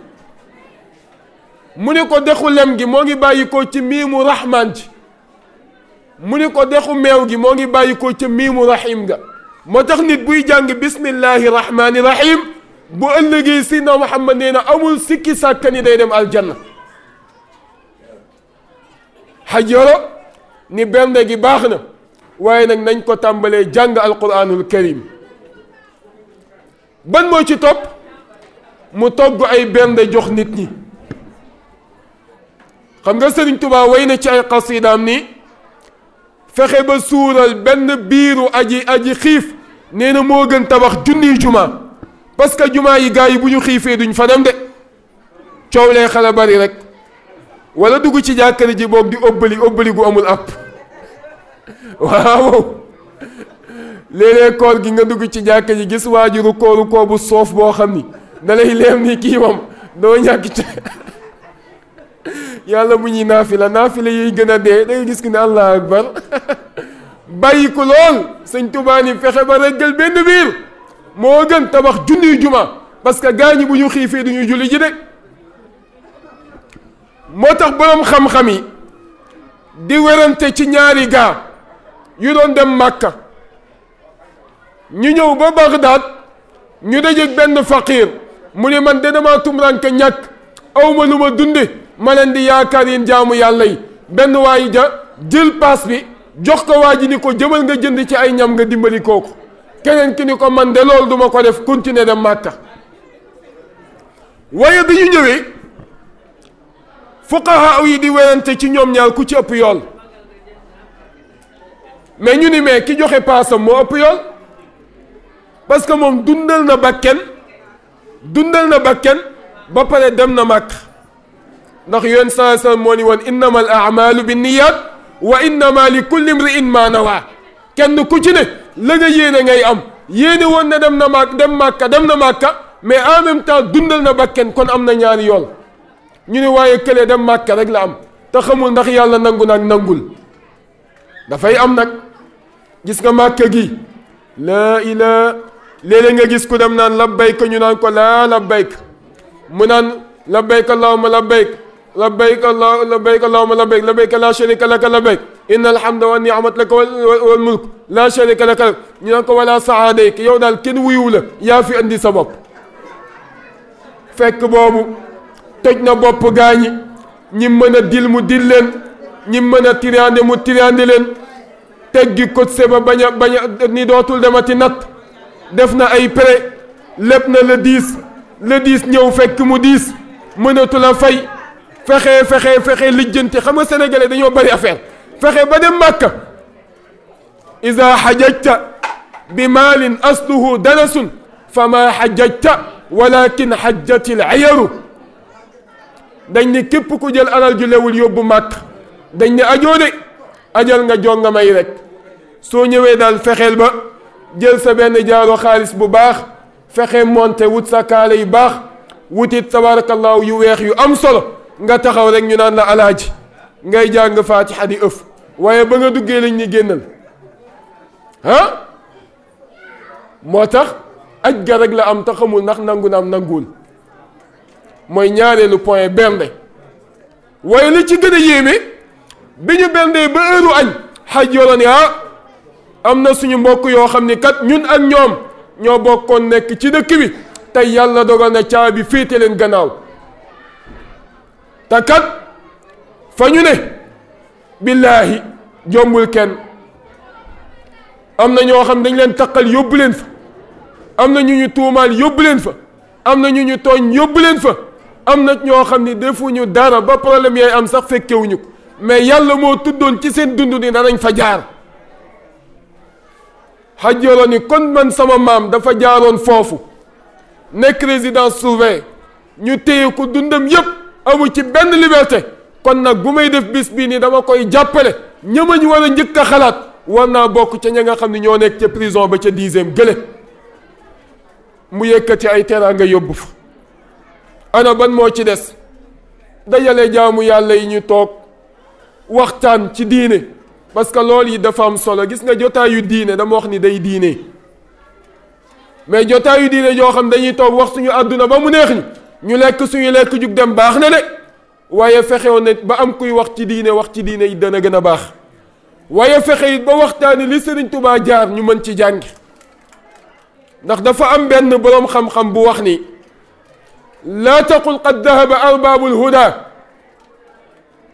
mu ni ko dexu lem gi mo ngi bayiko ci mimu rahman ci mu ni ko dexu meew gi mo ngi bayiko ci mimu rahim ga motax nit buy jàng bismillahir rahmanir rahim bu ëllëgé sidna Muhammad neena amul sikki sakani day dem aljanna xajoro ni bende gi baxna waye nak nañ ko tambalé jàng alquranul karim ban moo ci top mu togg ay bende jox nit ñi xam nga sëriñ tubaa way na ci ay xasiidaam ni fexe ba suural benn biiru aji aji xiif nee na moo gën tabax junniy jumaa parce que jumaa yi gars yi bu ñu xiifee duñ fa dem de coow lee xala bari rek wala dugg ci jàkkari ji boog di ëbbali ëbbali gu amul app waaw léeg-léeg koor gi nga dugg ci jàkka ji gis waajuru kooru koo bu soof boo xam ni da lay leem ni kii moom doo ñàkk ci yàlla mu ñuy naafila naafila yiy gën a dee dangay gis ki ne allah akbar [LAUGHS] bàyyi ko lool sëñ Tuubaa ni fexe ba reggal benn biir moo gën tabax junniy juma parce que gaañi bu ñu xiifee du ñu julli ji de moo tax boroom xam-xam yi di werante ci ñaari gaa yu doon dem Màkka ñu ñëw ba Bagdaad ñu dajeeg benn faqiir mu ne man de damaa tumranke ñàkk awma lu ma dunde ma leen di yaakaar yéen jaamu yàlla yi benn waay ja jël paas bi jox ko waa ji ni ko jëmal nga jënd ci ay ñam nga dimbali kooku keneen ki ni ko man de loolu duma ko def continuer dem màkka waaye bi ñu ñëwee fuqaha yi di werante ci ñoom ñaar ku ci ëpp yool mais ñu ni mais ki joxe paasam moo ëpp yool parce que moom dundal na bakken dundal na bakken ba pare dem na màkk ndax yoon saa saa moo ni woon innama al amalu bi niyat wa innama li kulli mri in maa nawaa kenn ku ci ne la nga yéene ngay am yéene woon na dem na màkk dem màkka dem na màkka mais en même temps dundal na bakken kon am na ñaari yool ñu ne waaye kële dem màkka rek la am te xamul ndax yàlla nangu naag nangul dafay am nag gis nga màkka gi la ila léeg-léeg nga gis ku dem naan labbayka ñu naan ko la labbayka mu naan labbayka allahuma labbayka لبيك الله لبيك الله لبيك لبيك لا شريك لك لبيك ان الحمد والنعمه لك والملك لا شريك لك نيانك ولا سعاديك يو دال كين ويو لك يا في عندي سبب فك بوبو تجنا بوب غاني ني مانا ديل مو ديل لين ني مانا تيراندي مو تيراندي لين تجي كوت سبا باغا باغا ني دوتول دماتي نات دفنا اي بري لبنا لديس لديس نيو فك مو ديس منوتو لا فاي fexe fexe fexe lijjanti xam nga sénégalais dañoo bëri affaire fexe ba dem màkka ida xajajta bi maalin asluhu danasun fa ma xajajta walakin xajjati lcayaru dañ ne képp ku jël alal ju lewul yóbbu màkk dañ ne ajoo de ajal nga jonga may rek soo ñëwee daal fexeel ba jël sa benn jaaro xaalis bu baax fexe monte wut sa kaala yu baax wutit tabarakallahu yu weex yu am solo nga taxaw rek ñu naan la alaaji ngay jàng faatixa di ëf waaye ba nga duggee lañ ñu génnal ah moo tax aj ga la am te xamul ndax nangu na am nanguwul mooy ñaareelu point bernde waaye li ci gën a yéeme bi ñu berndee ba heure añ xaj yoroon ah am na suñu mbokk yoo xam ni kat ñun ak ñoom ñoo bokkoon nekk ci dëkk bi tey yàlla dogal na caabi féete leen gannaaw te kat fa ñu ne billaahi jombul kenn am na ñoo xam dañ leen taqal yóbbu leen fa am na ñu ñu tuumaal yóbbu leen fa am na ñu ñu tooñ yóbbu leen fa am na ñoo xam ni defuñu dara ba problème yaay am sax fekkewuñu ko mais yàlla moo tuddoon ci seen dund ni danañ fa jaar xajjoro ni kon man sama maam dafa jaaroon foofu nekk résidence surveillée ñu téye ko dundam yépp amu ci benn liberté kon nag bu may def bis bii nii dama koy jàppale ñamañ war njëkk a xalaat war naa bokk ca ña nga xam ne ñoo nekk ca prison ba ca dixième gële mu yëkkati ay nga yóbbu fa ana ban moo ci des dajale jaamu yàlla yi ñu toog waxtaan ci diine parce que loolu yi dafa am solo gis nga jotaayu diine dama wax ni day diine mais jotaayu diine yoo xam dañuy toog wax suñu àdduna ba mu neex ñi ñu lekk suñu lekk jug dem baax na de waaye fexewoon na ba am kuy wax ci diine wax ci diine dana gën a baax fexe ba waxtaani li sëriñ tubaa jaar ñu mën ci jàng ndax dafa am benn boroom xam-xam bu wax ni laa taqul qad dahaba arbaabu lhuda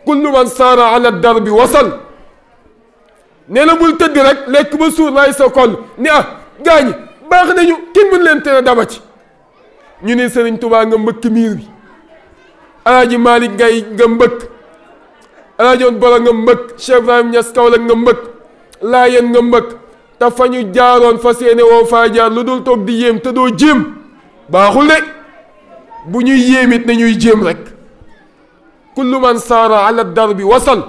kullu man saara ala darbi wasal nee na bul tëdd rek lekk ba suur laay sa koll ni ah gaañ baax nañu kenn mën ñu ne Sëriñ Tuubaa nga mbëkk miir bi alaaji Malick Gaye nga mbëkk alaaji Boro nga mbëkk Cheikh Ibrahim Niass nga mbëkk Laayeen nga mbëkk te fa ñu jaaroon fas yéene woo faa jaar lu dul toog di yéem te doo jéem baaxul de bu ñuy yéem it nañuy jéem rek kullu man saara ala bi wasal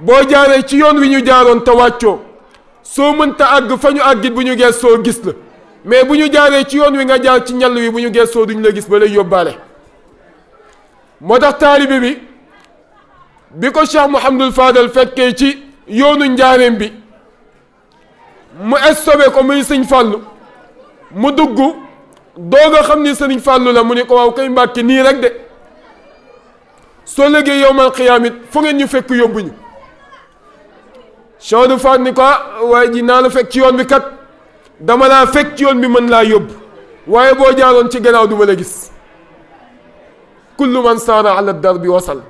boo jaaree ci yoon wi ñu jaaroon te wàccoo soo mënta àgg fa ñu àggit bu ñu gees soo gis la mais bu ñu jaaree ci yoon wi nga jaar ci ñàll wi bu ñu gestoo duñ la gis ba lay yóbbaale moo tax taalibe bi bi ko Cheikh Mouhamadul Fadal fekkee ci yoonu njaareem bi mu estobe ko muy sëñ fàllu mu dugg doog a xam ni sëriñ fàllu la mu ne ko waaw kay mbàkki nii rek de soo léegi yowmal xiyaamit fu ngeen ñu fekk yóbbuñu Cheikh du Fad ni ko ah, waa ji naa la fekk ci yoon bi kat dama laa fekk ci yoon bi mën laa yóbbu waaye boo jaaroon ci gannaaw du ma la gis kullu man saara ala darbi wasal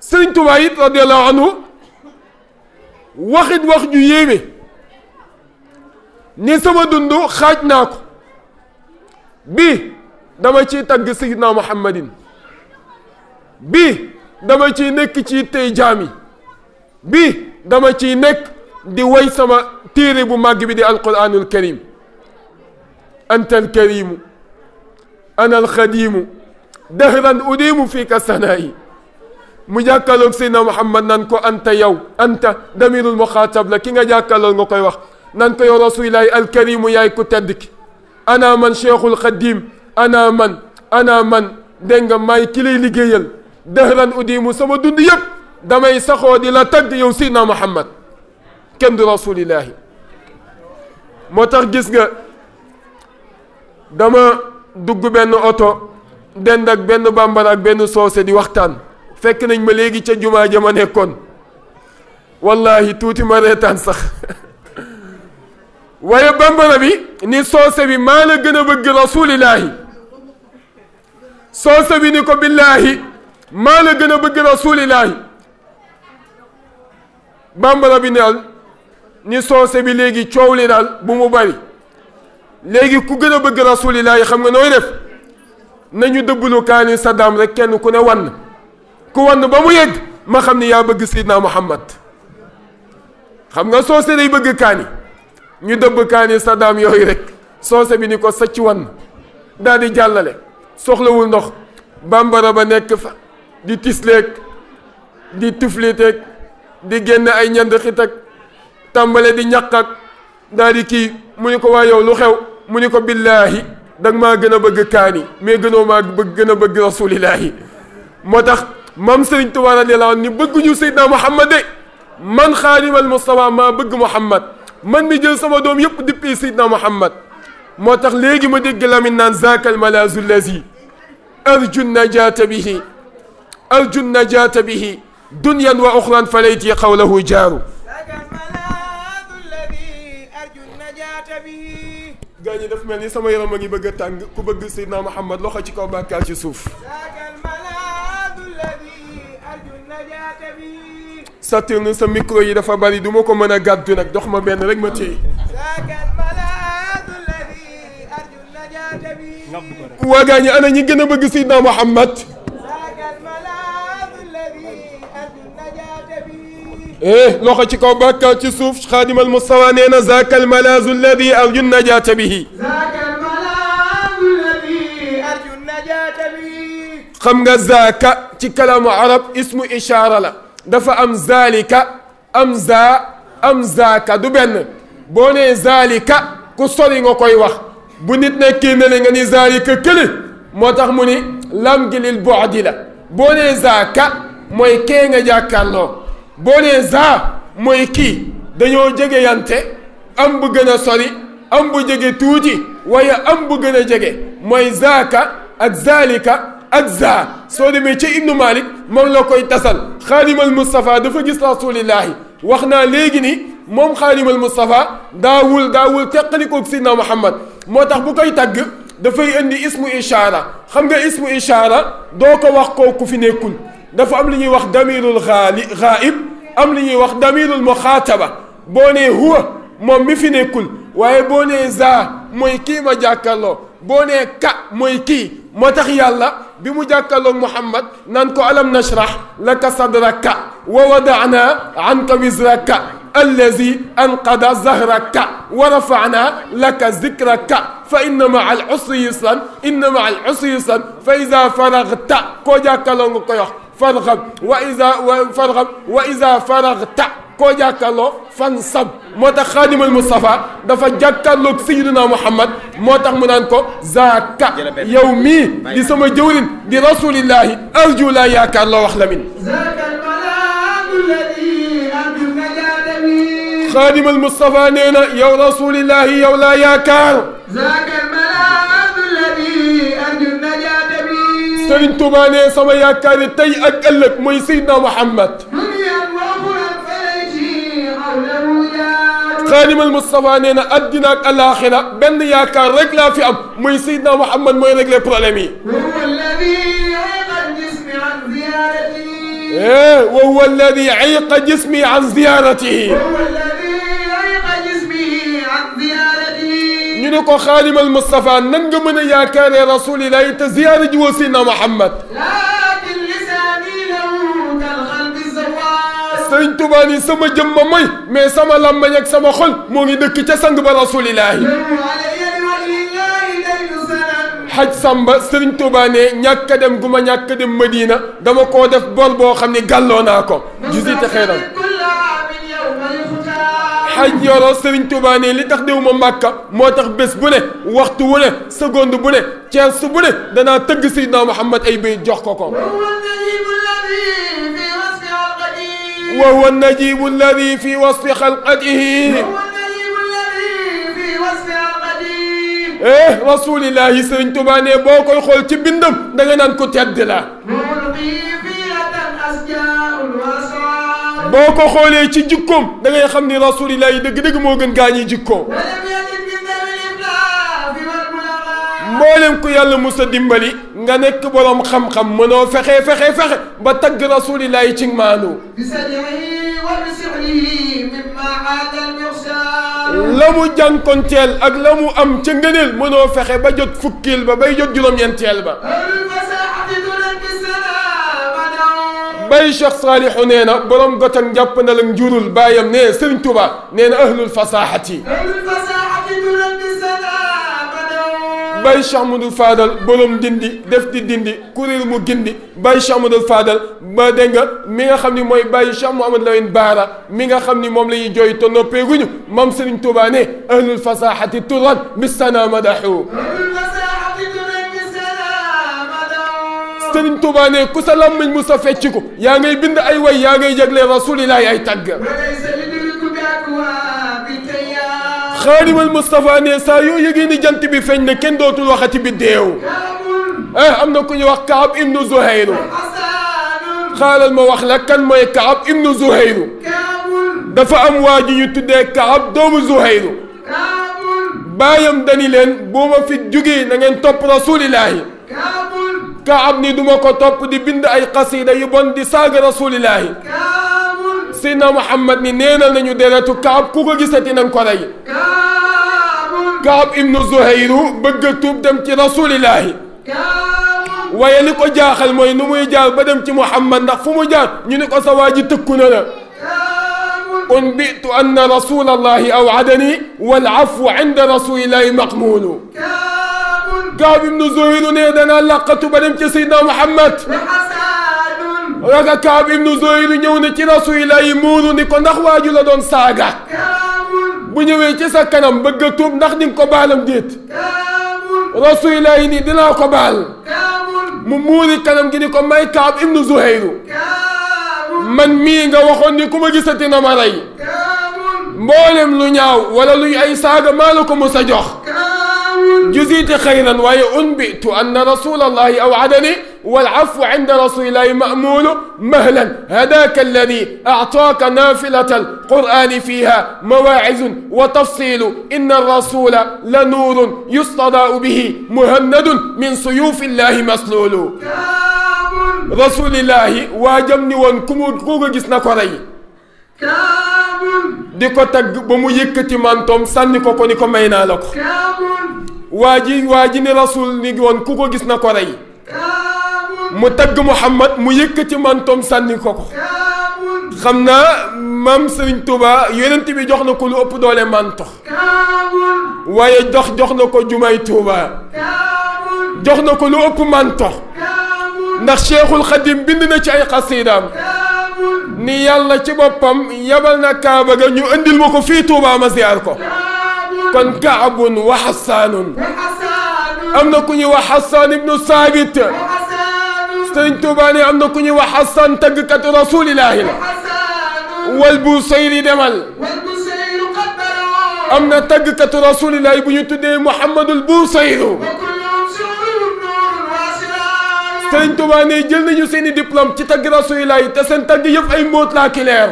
sëriñ Tuubaa it radiallahu anhu waxit wax ju yéeme ni sama dund xaaj naa ko bi dama ciy tagg sayidna muhammadin bi dama ciy nekk ci tey jaami bi dama ciy nekk di woy sama téere bu màgg bi di alquranul karim anta alkarimu ana alxadimu dahran udimu fii ka sanaayi mu jàkkaloog seydna muhammad nan ko ant yow anta damirul muxaatab la ki nga jàkkaloog nga koy wax nan ko yow rasulilahi alkarimu yaay ku tedd ki ana man cheikhul xadim ana man ana man dégg nga maay ki lay liggéeyal dahran udimu sama dund yëpp damay saxoo di la tagg yow seydna muhammad كان رسول الله موتاخ غيسغا داما دوغ بن اوتو دندك بن بامبار اك بن سوسي دي وقتان فك نني ما ليغي تا جمعة جما نيكون والله توتي مريتان ريتان صح واي بامبار بي ني سوسي بي مالا غنا بغ رسول الله سوسي بي نيكو بالله مالا غنا بغ رسول الله بامبار بي نال ni soose bi légui ciowli dal bu mu bari légui ku gëna bëgg rasulillah xam nga noy def nañu debbulu kaani Saddam rek kenn ku ne wan ku wan ba mu yegg ma xam ni yaa bëgg Seydina Muhammad xam nga soose day bëgg kaani ñu dëbb kaani Saddam yoy rek soose bi ni ko sacc wan daal di jàllale soxlawul ndox bambara ba nekk fa di tislek di tuflitek di génn ay ñand xit ak tàmbale di ñaq ak daal di mu ni ko wa yow lu xew mu ni ko billahi dag ma gëna bëgg kaani me gëno ma bëgg gëna bëgg rasulillahi motax mam Serigne Touba radiyallahu anhu ni ñu sayyidna Muhammad man man al Mustafa ma bëgg Muhammad man mi jël sama doom yëpp dippee sayyidna Muhammad motax legi ma dégg min nan zakal malazul lazi arju najat bihi arju najat bihi dunyan واخرا uxran قوله جار gaañi daf mel ni sama yaram a ngi bëgg a tàng ku bëgg Seydina Muhammad loxo ci kaw bàkkaar ci suuf Saturne sa micro yi dafa bari du ma ko mën a gàddu nag dox ma benn rek ma téye waa gaañi ana ñi gën a bëgg Seydina Muhammad إيه لقد شكو بكا تشوف خادم المستوى نينا ذاك الملاذ الذي أرجو النجاة به ذاك الملاذ الذي أرجو النجاة به خم ذاك تكلم عرب اسم إشارة لا دفع أم ذلك أم ذا أم ذاك دبن بوني ذلك كسوري نقوي وخ بنيت نكين لنغني ذلك كلي موتاخ موني لام جيل البعد بوني ذاك موي كينغا جاكالو boo nee za mooy kii dañoo jege yante am bu gëna sori am bu jege tuuti waya am bu gëna a jege mooy zaaka ak zalika ak za soo demee ci ibnu malik mom la koy tassal tasal xaadimal Moustapha dafa gis rasulillah waxna wax ni mom ni al mustafa dawul dawul daawul teqalikoog sidna Muhammad motax bu koy tag da fay indi ismu ishara xam nga ismu ishaara doo ko wax kooku fi nekkul dafa am li ñuy wax damirul ghaib am li ñuy wax damirul muxaataba boo nee huwa moom mi fi nekkul waaye boo nee za mooy kii ma jàkkaarloo boo nee ka mooy kii moo tax yàlla bi mu jàkkaarloog muhammad naan ko alam nashrah laka sadraka wa wadaana anka wizraka allazi anqada zahraka wa rafaana laka zikraka fa inna maa al usri yusran inna maa al usri yusran fa ida faragta koo jàkkaarloo nga ko yox فرغ واذا فرغ واذا فرغت كوجاكالو فانصب موتا خادم المصطفى دا فا جاكالو سيدنا محمد موتا مونانكو زاكا يومي دي سما جولين دي رسول الله ارجو لا يا كالو وخلمين خادم المصطفى نينا يا رسول الله يا ولا يا كار ذاك الملاذ الذي أنت النجاة سيدنا محمد سيدنا محمد سيدنا محمد سيدنا محمد سيدنا المصطفى سيدنا محمد الآخرة محمد يا محمد سيدنا في أب مي سيدنا محمد سيدنا محمد سيدنا محمد سيدنا محمد سيدنا محمد سيدنا محمد سيدنا محمد سيدنا محمد سيدنا محمد ñu ne ko xaadimal Moustapha nan nga mën a yaakaaree rasulillahi te ziyaara ji woo Seydina Muhammad sëriñ Tuubaa ni sama jëm ma mooy mais sama làmmañ ak sama xol moo ngi dëkk ca sang ba rasulillahi xaj samba sëriñ Tuubaa ne ñàkk a dem gu ma ñàkk a dem Madina dama koo def bor boo xam ne gàlloo naa ko jusite xeeral xaj yooloo Serigne Touba ne li tax déwuma Màkka moo tax bés bu ne waxtu wu ne seconde bu ne cees bu ne danaa tëgg Seydina Muhammad ay bay jox ko ko وهو النجيب الذي في وصف خلقته eh rasulillahi sëriñ Tuubaa ne boo koy xool ci bindam da nga naan ko tedd la boko xolé ci jikkom da ngay xamni rasulillah deug deug mo gën gañi jikko mboolem ko yàlla musa dimbali nga nek borom xam-xam mëno fexe fexe fexe ba tag rasulillah ci manu lamu jankontel ak lamu am ci ngeenel mëno fexe ba jot fukil ba bay jot juróom-ñeenteel ba باي شخص صالح نينا بروم غوتن جابنا لن جورول بايام ني سيرن توبا نينا اهل الفصاحه اهل الفصاحه تلبي سدا باي شيخ محمود الفادل بروم ديندي ديف دي ديندي كورير مو ديندي باي شيخ محمود الفادل ما دنگا ميغا خامني موي باي شيخ محمد لوين بارا ميغا خامني موم لاي جوي تو نوبي غنو مام سيرن توبا ني اهل الفصاحه تلبي سدا مدحو اهل الفصاحه serigne touba ne ku sa lam min musa fecc ko ya ngay bind ay way ya ngay jegle rasulillah ay tag خادم المصطفى ني سا يو يغي ني جانت بي فاج ني كين دوتول وقتي بي ديو اه امنا كو ني وخ كعب ابن زهير قال الموخ لك كان موي كعب ابن زهير دفع ام واجي ني تودي كعب دوم زهير بايام داني لين بوما في جوغي نا نين توب رسول الله kaab ni duma ko topp di bind ay xasiida yu bon di saaga rasuulillaahi sidna muhammad ni neenal nañu deretu kaab ku ko gisati nan ko rey kaab ibnu zuhayru bëgg a tuub dem ci rasuulillaahi waaye li ko jaaxal mooy nu muy jaar ba dem ci muhammad ndax fu mu jaar ñu ni ko sa waa ji tëkku na la أنبئت أن رسول الله أوعدني والعفو عند رسول الله مقمول قام من زهير نيدنا لقى تبرم كسيدنا محمد رحسان رجا قام من زهير نيون كراسو إلى يمور نكون نخوا جل دون ساجا بني ويجس كنام بجتوب نخدم كبالم ديت رسول الله ني دنا كبال مموري كنام جني كم ماي قام من زهير من مين جوا خوني كم جستنا مراي مولم لنياو ولا لي أي ساجا مالكم مسجح جزيت خيرا وهي أنبئت أن رسول الله أوعدني والعفو عند رسول الله مأمول مهلا هذاك الذي أعطاك نافلة القرآن فيها مواعظ وتفصيل إن الرسول لنور يصطدى به مهند من سيوف الله مسلول رسول الله واجمني وانكم woon جسنا كري ku ko بمو يكتي ko سنكو كوني ko waa ji waa ji ni rasul ni woon ku ko gis na ko rey mu tagg Muhammad mu yëkkati mantoom sànni ko ko xam naa maam Serigne Touba yonent bi jox na ko lu ëpp doole manto waaye jox jox na ko jumaay Touba jox na ko lu ëpp manto ndax Cheikhul Khadim bind na ci ay xasiidaam ni yàlla ci boppam yabal na Kaaba ga ñu indil ma ko fii Touba ma ko كن كعب وحسان امنا كوني وحسان ابن ساجد سن توباني امنا كوني وحسان تقكة رسول الله والبوسير دمل امنا تقكة رسول الله ابن تدي محمد البوسير سن توباني جلني يسيني ديبلوم رسول الله تسن تقي يفعي موت لا كلير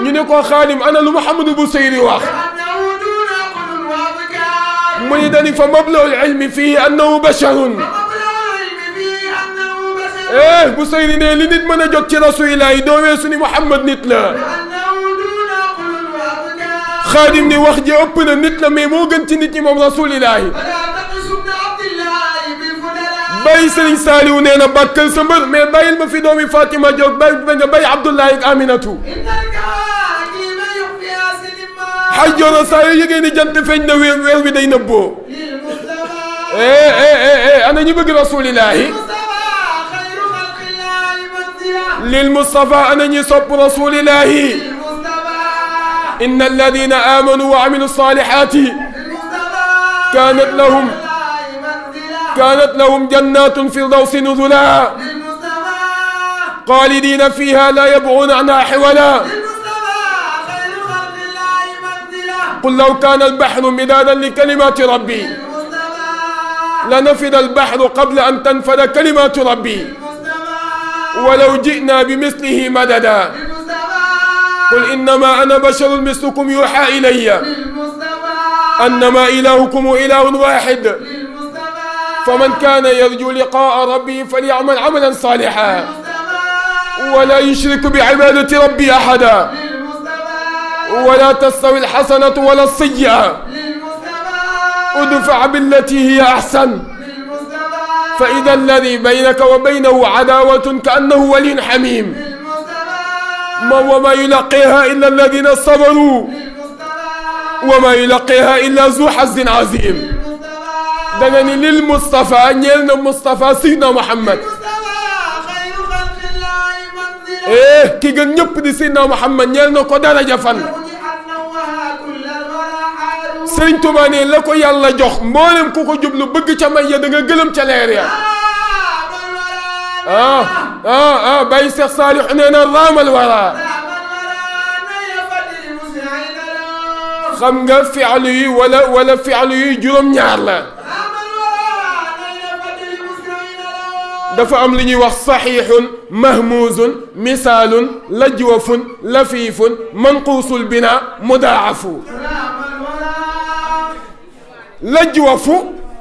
ñu ne ko xaadim ana lu Muhammadu Busayri wax mu ni dani fa mablaul ilmi fii annahu basharun eh Busayri ne li nit mën a jot ci rasulilah yi doo weesu ni Muhammad nit la xaadim ni wax ji ëpp na nit la mais moo gën ci nit ñi moom rasulilah yi bàyyi Serigne Saliou nee na bàkkal sa mbër mais bàyyil ma fi doomi Fatima Diop bàyyi nga bàyyi Abdoulaye ak Aminatou حجونا ساي يجي نجنت فين نويل ويل بدي نبو إيه إيه إيه إيه أنا نبغى رسول الله للمصطفى أنا نصب رسول الله إن الذين آمنوا وعملوا الصالحات كانت لهم كانت لهم جنات في الدوس نزلا خالدين فيها لا يبغون عنها حولا قل لو كان البحر مدادا لكلمات ربي لنفد البحر قبل أن تنفد كلمات ربي ولو جئنا بمثله مددا قل إنما أنا بشر مثلكم يوحى إلي أنما إلهكم إله واحد فمن كان يرجو لقاء ربه فليعمل عملا صالحا ولا يشرك بعبادة ربي أحدا ولا تستوي الحسنة ولا السيئة ادفع بالتي هي أحسن فإذا الذي بينك وبينه عداوة كأنه ولي حميم ما وما يلقيها إلا الذين صبروا وما يلقيها إلا ذو حظ عظيم دنني للمصطفى نيلنا مصطفى سيدنا محمد إيه كي جنب ñëpp di Seydina Muhammad ñeel محمد sëriñ Tuubaa ne la ko yàlla jox mboolem ku ko jublu bëgg ca may ya da nga gëlëm ca leer ya ah ah ah bàyyi Seex Saalix nee na raamal wara xam nga fialu yi wala wala fialu yi juróom-ñaar la dafa am lu ñuy wax saxiixun mahmuuzun misaalun lajwafun lafiifun manquusul binaa mudaafu lajwa fu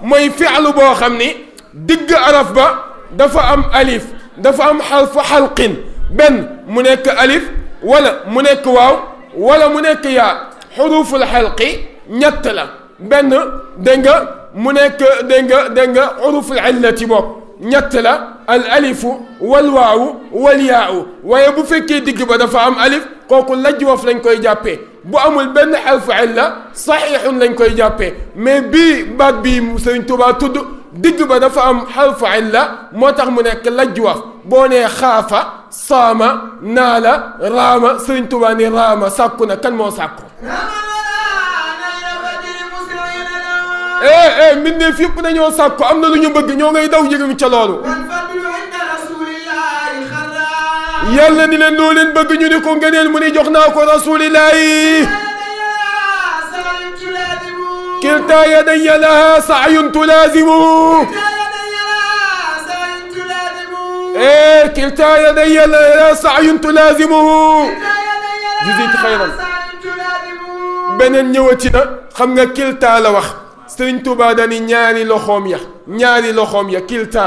mooy fi'lu boo xam ni digg araf ba dafa am alif dafa am xarfu xalqin benn mu nekk alif wala mu nekk waaw wala mu nekk yaa xuruful xalqi ñett la benn dégg nga mu nekk dégg nga dégg nga xuruful illati bokk نتلا الالف والواو والياء وي بو فكي ديغ با دافا ام الف كوكو لاجي وف لنجكاي جابي بو امول بن حرف علا صحيح لنجكاي جابي مي بي باك بي سيرن توبا تود ديغ با دافا ام حرف علا موتاخ مو نيك لاجي وف بوني خافا صام نالا راما سيرن توبا ني راما ساكو كان مو ساكو eh eh mbindeef yëpp dañoo sàkku am na lu ñu bëgg ñoo ngay daw jëgëm ca loolu yàlla ni leen loo leen bëgg ñu ni ko ngëneel mu ni jox naa ko rasulillahi kilta yadayya laha saayun tulaazimuhu ايه كلتا يدي لا سعي تلازمه جزيت خيرا بنن نيوتي خمنا كلتا لا وخ سرين توبا داني نياري لخوم يا نياري لخوم كيلتا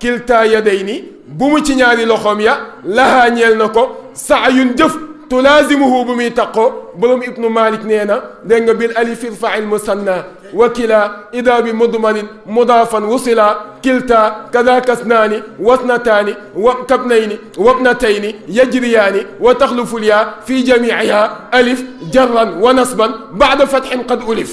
كيلتا يديني بومتي نياري لخوم لها نيال نكو سعي دف تلازمه بمي تقو بلوم ابن مالك نينا دنگ بالالف ارفع المسنى وكلا اذا بمضمن مضافا وصلا كلتا كذاك اثنان واثنتان وكبنين وابنتين يجريان وتخلف الياء في جميعها الف جرا ونصبا بعد فتح قد الف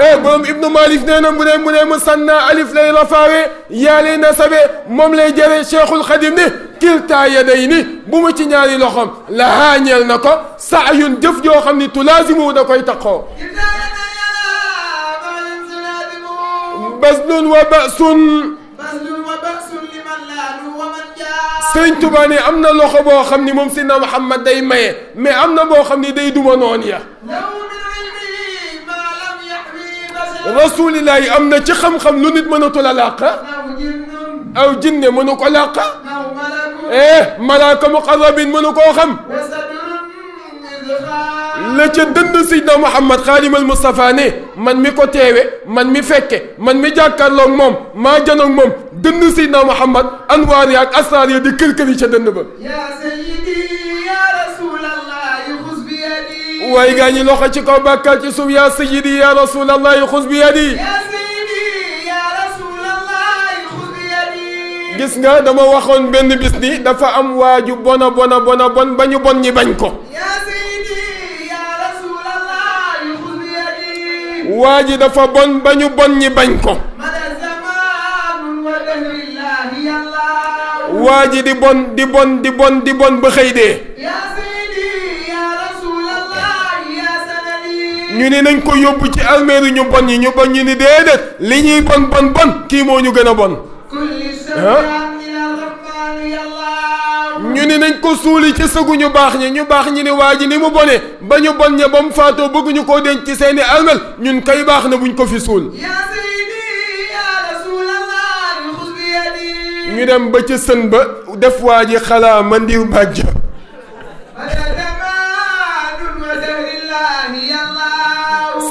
ابن ابن مالك ننم بن بن مسنا الف ليلى فاري يا لي نسب موم لي جاري شيخ الخديم ني كلتا يدين بوما تي نياري لخم لا هانيل نكو سعي جف جو خامني تلازم داكاي تقو بس نون وباس seigne ne am na loxo boo xam ni moom sidna mohammad day maye mais am na boo xam ni day duma noon رسول الله أمنا تخم إيه، خم ننت من تلاقة أو جن من تلاقة إيه ملاك مقرب من تخم لا تدند سيدنا محمد خالد المصطفى ني من مي كوتيوي من مي فك من مي جاكارلو موم ما جانو موم دند سيدنا محمد انوار ياك اسرار يا دي كل كل يا سيدي waaye gaa ñi loxo ci kaw bàkkaar ci suuf yaa sayidi yaa rasulallahi xus gis nga dama waxoon benn bis ni dafa am waaju bona bona bon ba ñu bon ñi bañ ko waa ji dafa bon ba ñu bon ñi bañ ko waa ji di bon di bon di bon di bon ba xëy dee ñu ne nañ ko yóbbu ci almeeri ñu bon ñi ñu bon ñi ni déedéet li ñuy bon bon bon kii moo ñu gën a bon ñu ni nañ ko suuli ci sëgu ñu baax ñi ñu baax ñi ni waa ji ni mu bone ba ñu bon ña ba mu faatoo bëgguñu koo denc ci seeni almel ñun kay baax na buñ ko fi suul ñu dem ba ca sën ba def waa ji xalaa mandir bàjja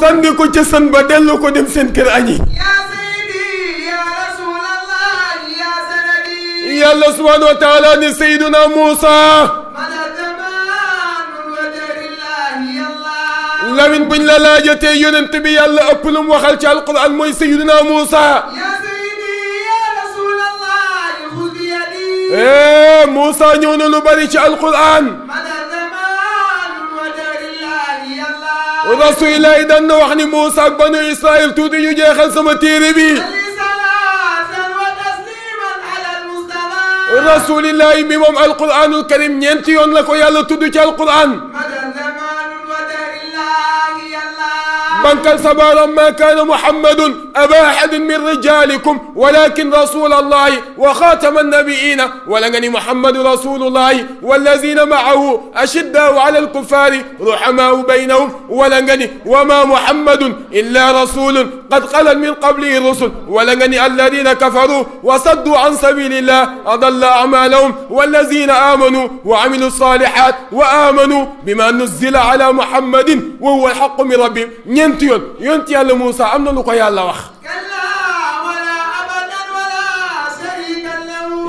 sangé ko ci san ba delu ko dem sen kër añi يا الله سبحانه وتعالى ني موسى لمن بن لا جتي يونت بي يالا يا سيدي يا رسول الله خذ يدي ايه موسى نيونو لو بري القران basu ilay dan na wax ni Moussa ak banu Israël tuuti ñu jeexal sama téere bi rasulillahi mi moom alquranul karim ñeenti yoon la ko yàlla tudd ci alquran من كان كسب ما كان محمد أبا أحد من رجالكم ولكن رسول الله وخاتم النبيين ولكن محمد رسول الله والذين معه أشدوا على الكفار رحماء بينهم ولكن وما محمد إلا رسول قد قلل من قبله الرسل ولكن الذين كفروا وصدوا عن سبيل الله أضل أعمالهم والذين آمنوا وعملوا الصالحات وآمنوا بما نزل على محمد وهو الحق من ربهم ñeenti yoon yonent yàlla Moussa am na ko yàlla wax.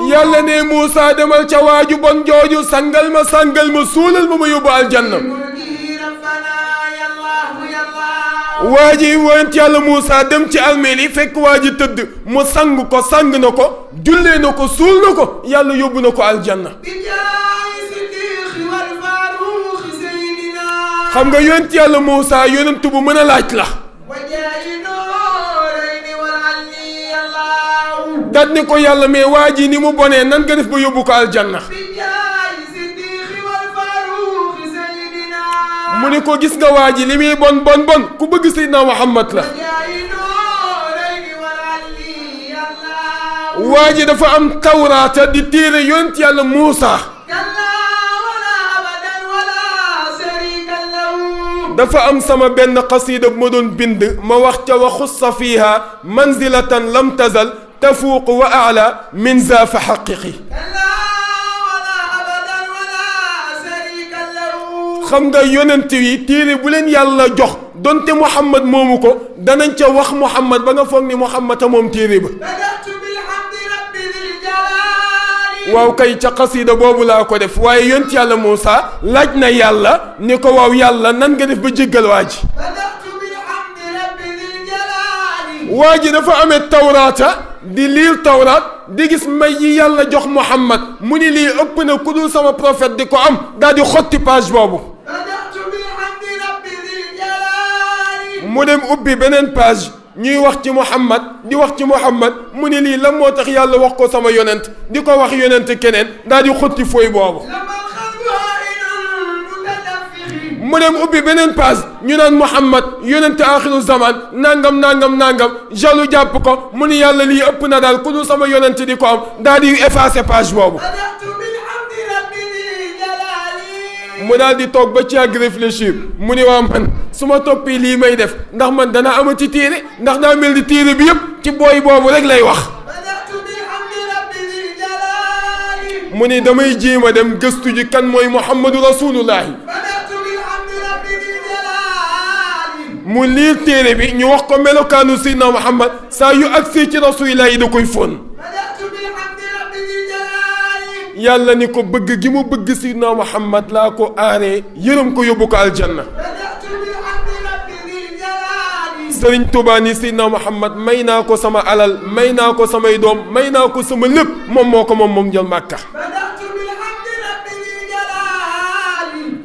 yàlla ne Moussa demal ca waaju bon jooju sangal ma sangal ma suulal ma ma yóbbu aljanna. waa ji yonent yàlla Moussa dem ci armeel yi fekk waa ji tëdd mu sang ko sàng na ko jullee na ko suul na ko yàlla yóbbu na ko aljanna. xam nga yonent yàlla Moussa yonent bu mën a laaj la. daat ne ko yàlla mais waa ji ni mu bonee nan nga def ba yóbbu ko aljanna. mu ne ko gis nga waa ji li muy bon bon bon ku bëgg Seydina Muhammad la. waa ji dafa am tawraata di téere yonent yàlla muusa dafa am sama benn xasiida bu ma doon bind ma wax ca waxu safiiha manzilatan lam tazal tafuuq wa aala min za fa xaqiqi xam nga yonent yi téere bu leen yàlla jox donte Muhammad moomu ko danañ ca wax Muhammad ba nga foog ni Muhammad a moom téere ba waaw kay ca xasida boobu laa ko def waaye yont yàlla Moussa laaj na yàlla ni ko waaw yàlla nan nga def ba jéggal waa ji waa ji dafa amee tawraata di liir tawraat di gis may yi yàlla jox Muhammad mu ni lii ëpp na ku dul sama prophète di ko am daal di xotti page boobu mu dem ubbi beneen page ñuy wax ci muhammad di wax ci muhammad mu ne lii lan moo tax yàlla wax ko sama yonent di ko wax yonent keneen daal di xotti fooy boobu mu dem ubbi beneen paas ñu naan muhammad yonent axiru zaman nangam nangam nangam jalu jàpp ko mu ne yàlla lii ëpp na daal ku dul sama yonent di ko am daal di effacer page boobu mu daal di toog ba ci àgg réfléchir mu ne waa man su ma toppee lii may def ndax man dana ama ci téere ndax daa mel ni téere bi yëpp ci booy boobu rek lay wax mu ne damay jéem a dem gëstu ji kan mooy muhammadu rasulullahi mu liir téere bi ñu wax ko melokaanu sidna muhammad saa yu agsee ci rasulillahi da koy fóon yàlla ni ko bëgg gi mu bëgg Seydina Muhammad laa ko aaree yërëm ko yóbbu ko aljanna Sëriñ Tuubaa ni Seydina Muhammad may naa ko sama alal may naa ko samay doom may naa ko sama lépp moom moo ko moom moom jël màkka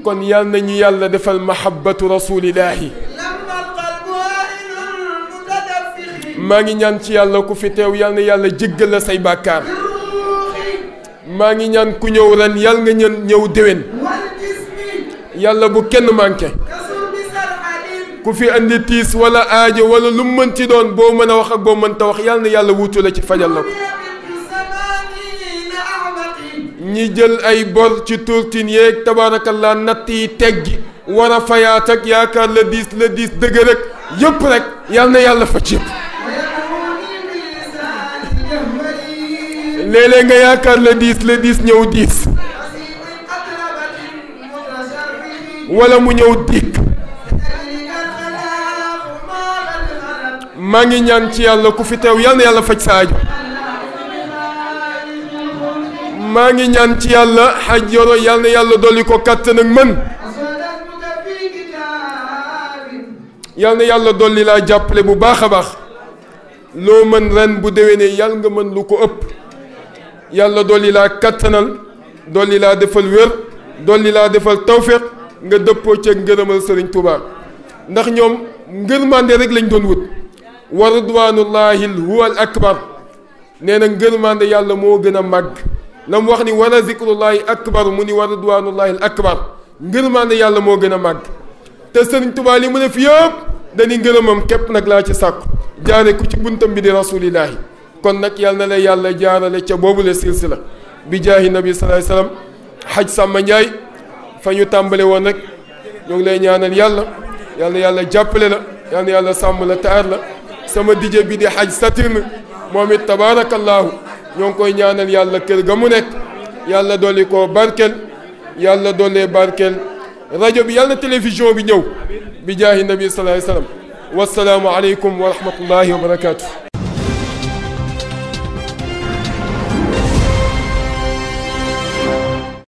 kon yal nañu yàlla defal mahabbatu rasulillahi maa ngi ñaan ci yàlla ku fi teew yal na yàlla jéggal la say bàkkaar maa ngi ñaan ku ñëw ren yàlla nga ñën ñëw déwén yàlla bu kenn manqué ku fi andi tiis wala aajo wala lu mën ci doon boo mën a wax ak boo mënta wax yàlla na yàlla wutu la ci fajal la ko ñi jël ay bor ci turtin yeeg tabaarakallaa natt yi teggi war a fayaat ak yaakaar la diis la diis dëgg rek yëpp rek yàlla na yàlla ci yëpp léeg nga yaakaar le diis la diis ñëw diis wala mu ñëw dikk maa ngi ñaan ci yàlla ku fi teew yal yàlla faj sa aju maa ngi ñaan ci yàlla xaj yoro yal yàlla dolli ko kàttan mën yal na yàlla dolli laa jàppale bu baax a baax loo mën ren bu ne yàlla nga mën lu ko ëpp yàlla dolli laa kattanal dolli laa defal wér dolli laa defal tawféq nga dëppoo ceeg ngërëmal sëriñ Touba ndax ñoom ngërmande rek lañ doon wut wa huwa akbar nee na ngërmande yàlla moo gën a màgg wax ni war zikrullahi akbar muni ni wa ridwanullahi al akbar ngërmande yàlla moo gën a màgg te sëriñ Touba li mu def yëpp dañuy ngërëmam képp nag laa ci sàkku jaare ku ci buntam bi di rasulillahi kon nak yalna la yàlla jaarale ci bobu le silsila bi jaahi nabi salaay salaam xaj Samba Ndiaye fa ñu tàmbale won nak ñu ngi lay ñaanal yàlla yal yàlla jàppale la yal yàlla sàmm la taar la sama dije bi di xaj Saturne moom it tabaarakallaahu koy ñaanal yàlla kër ga mu yàlla dolli koo barkeel yàlla dollee barkeel rajo bi yàlla télévision bi ñëw bi jaahi nabi salaay salaam wasalaamu aleykum wa rahmatullahi wa barakaatu.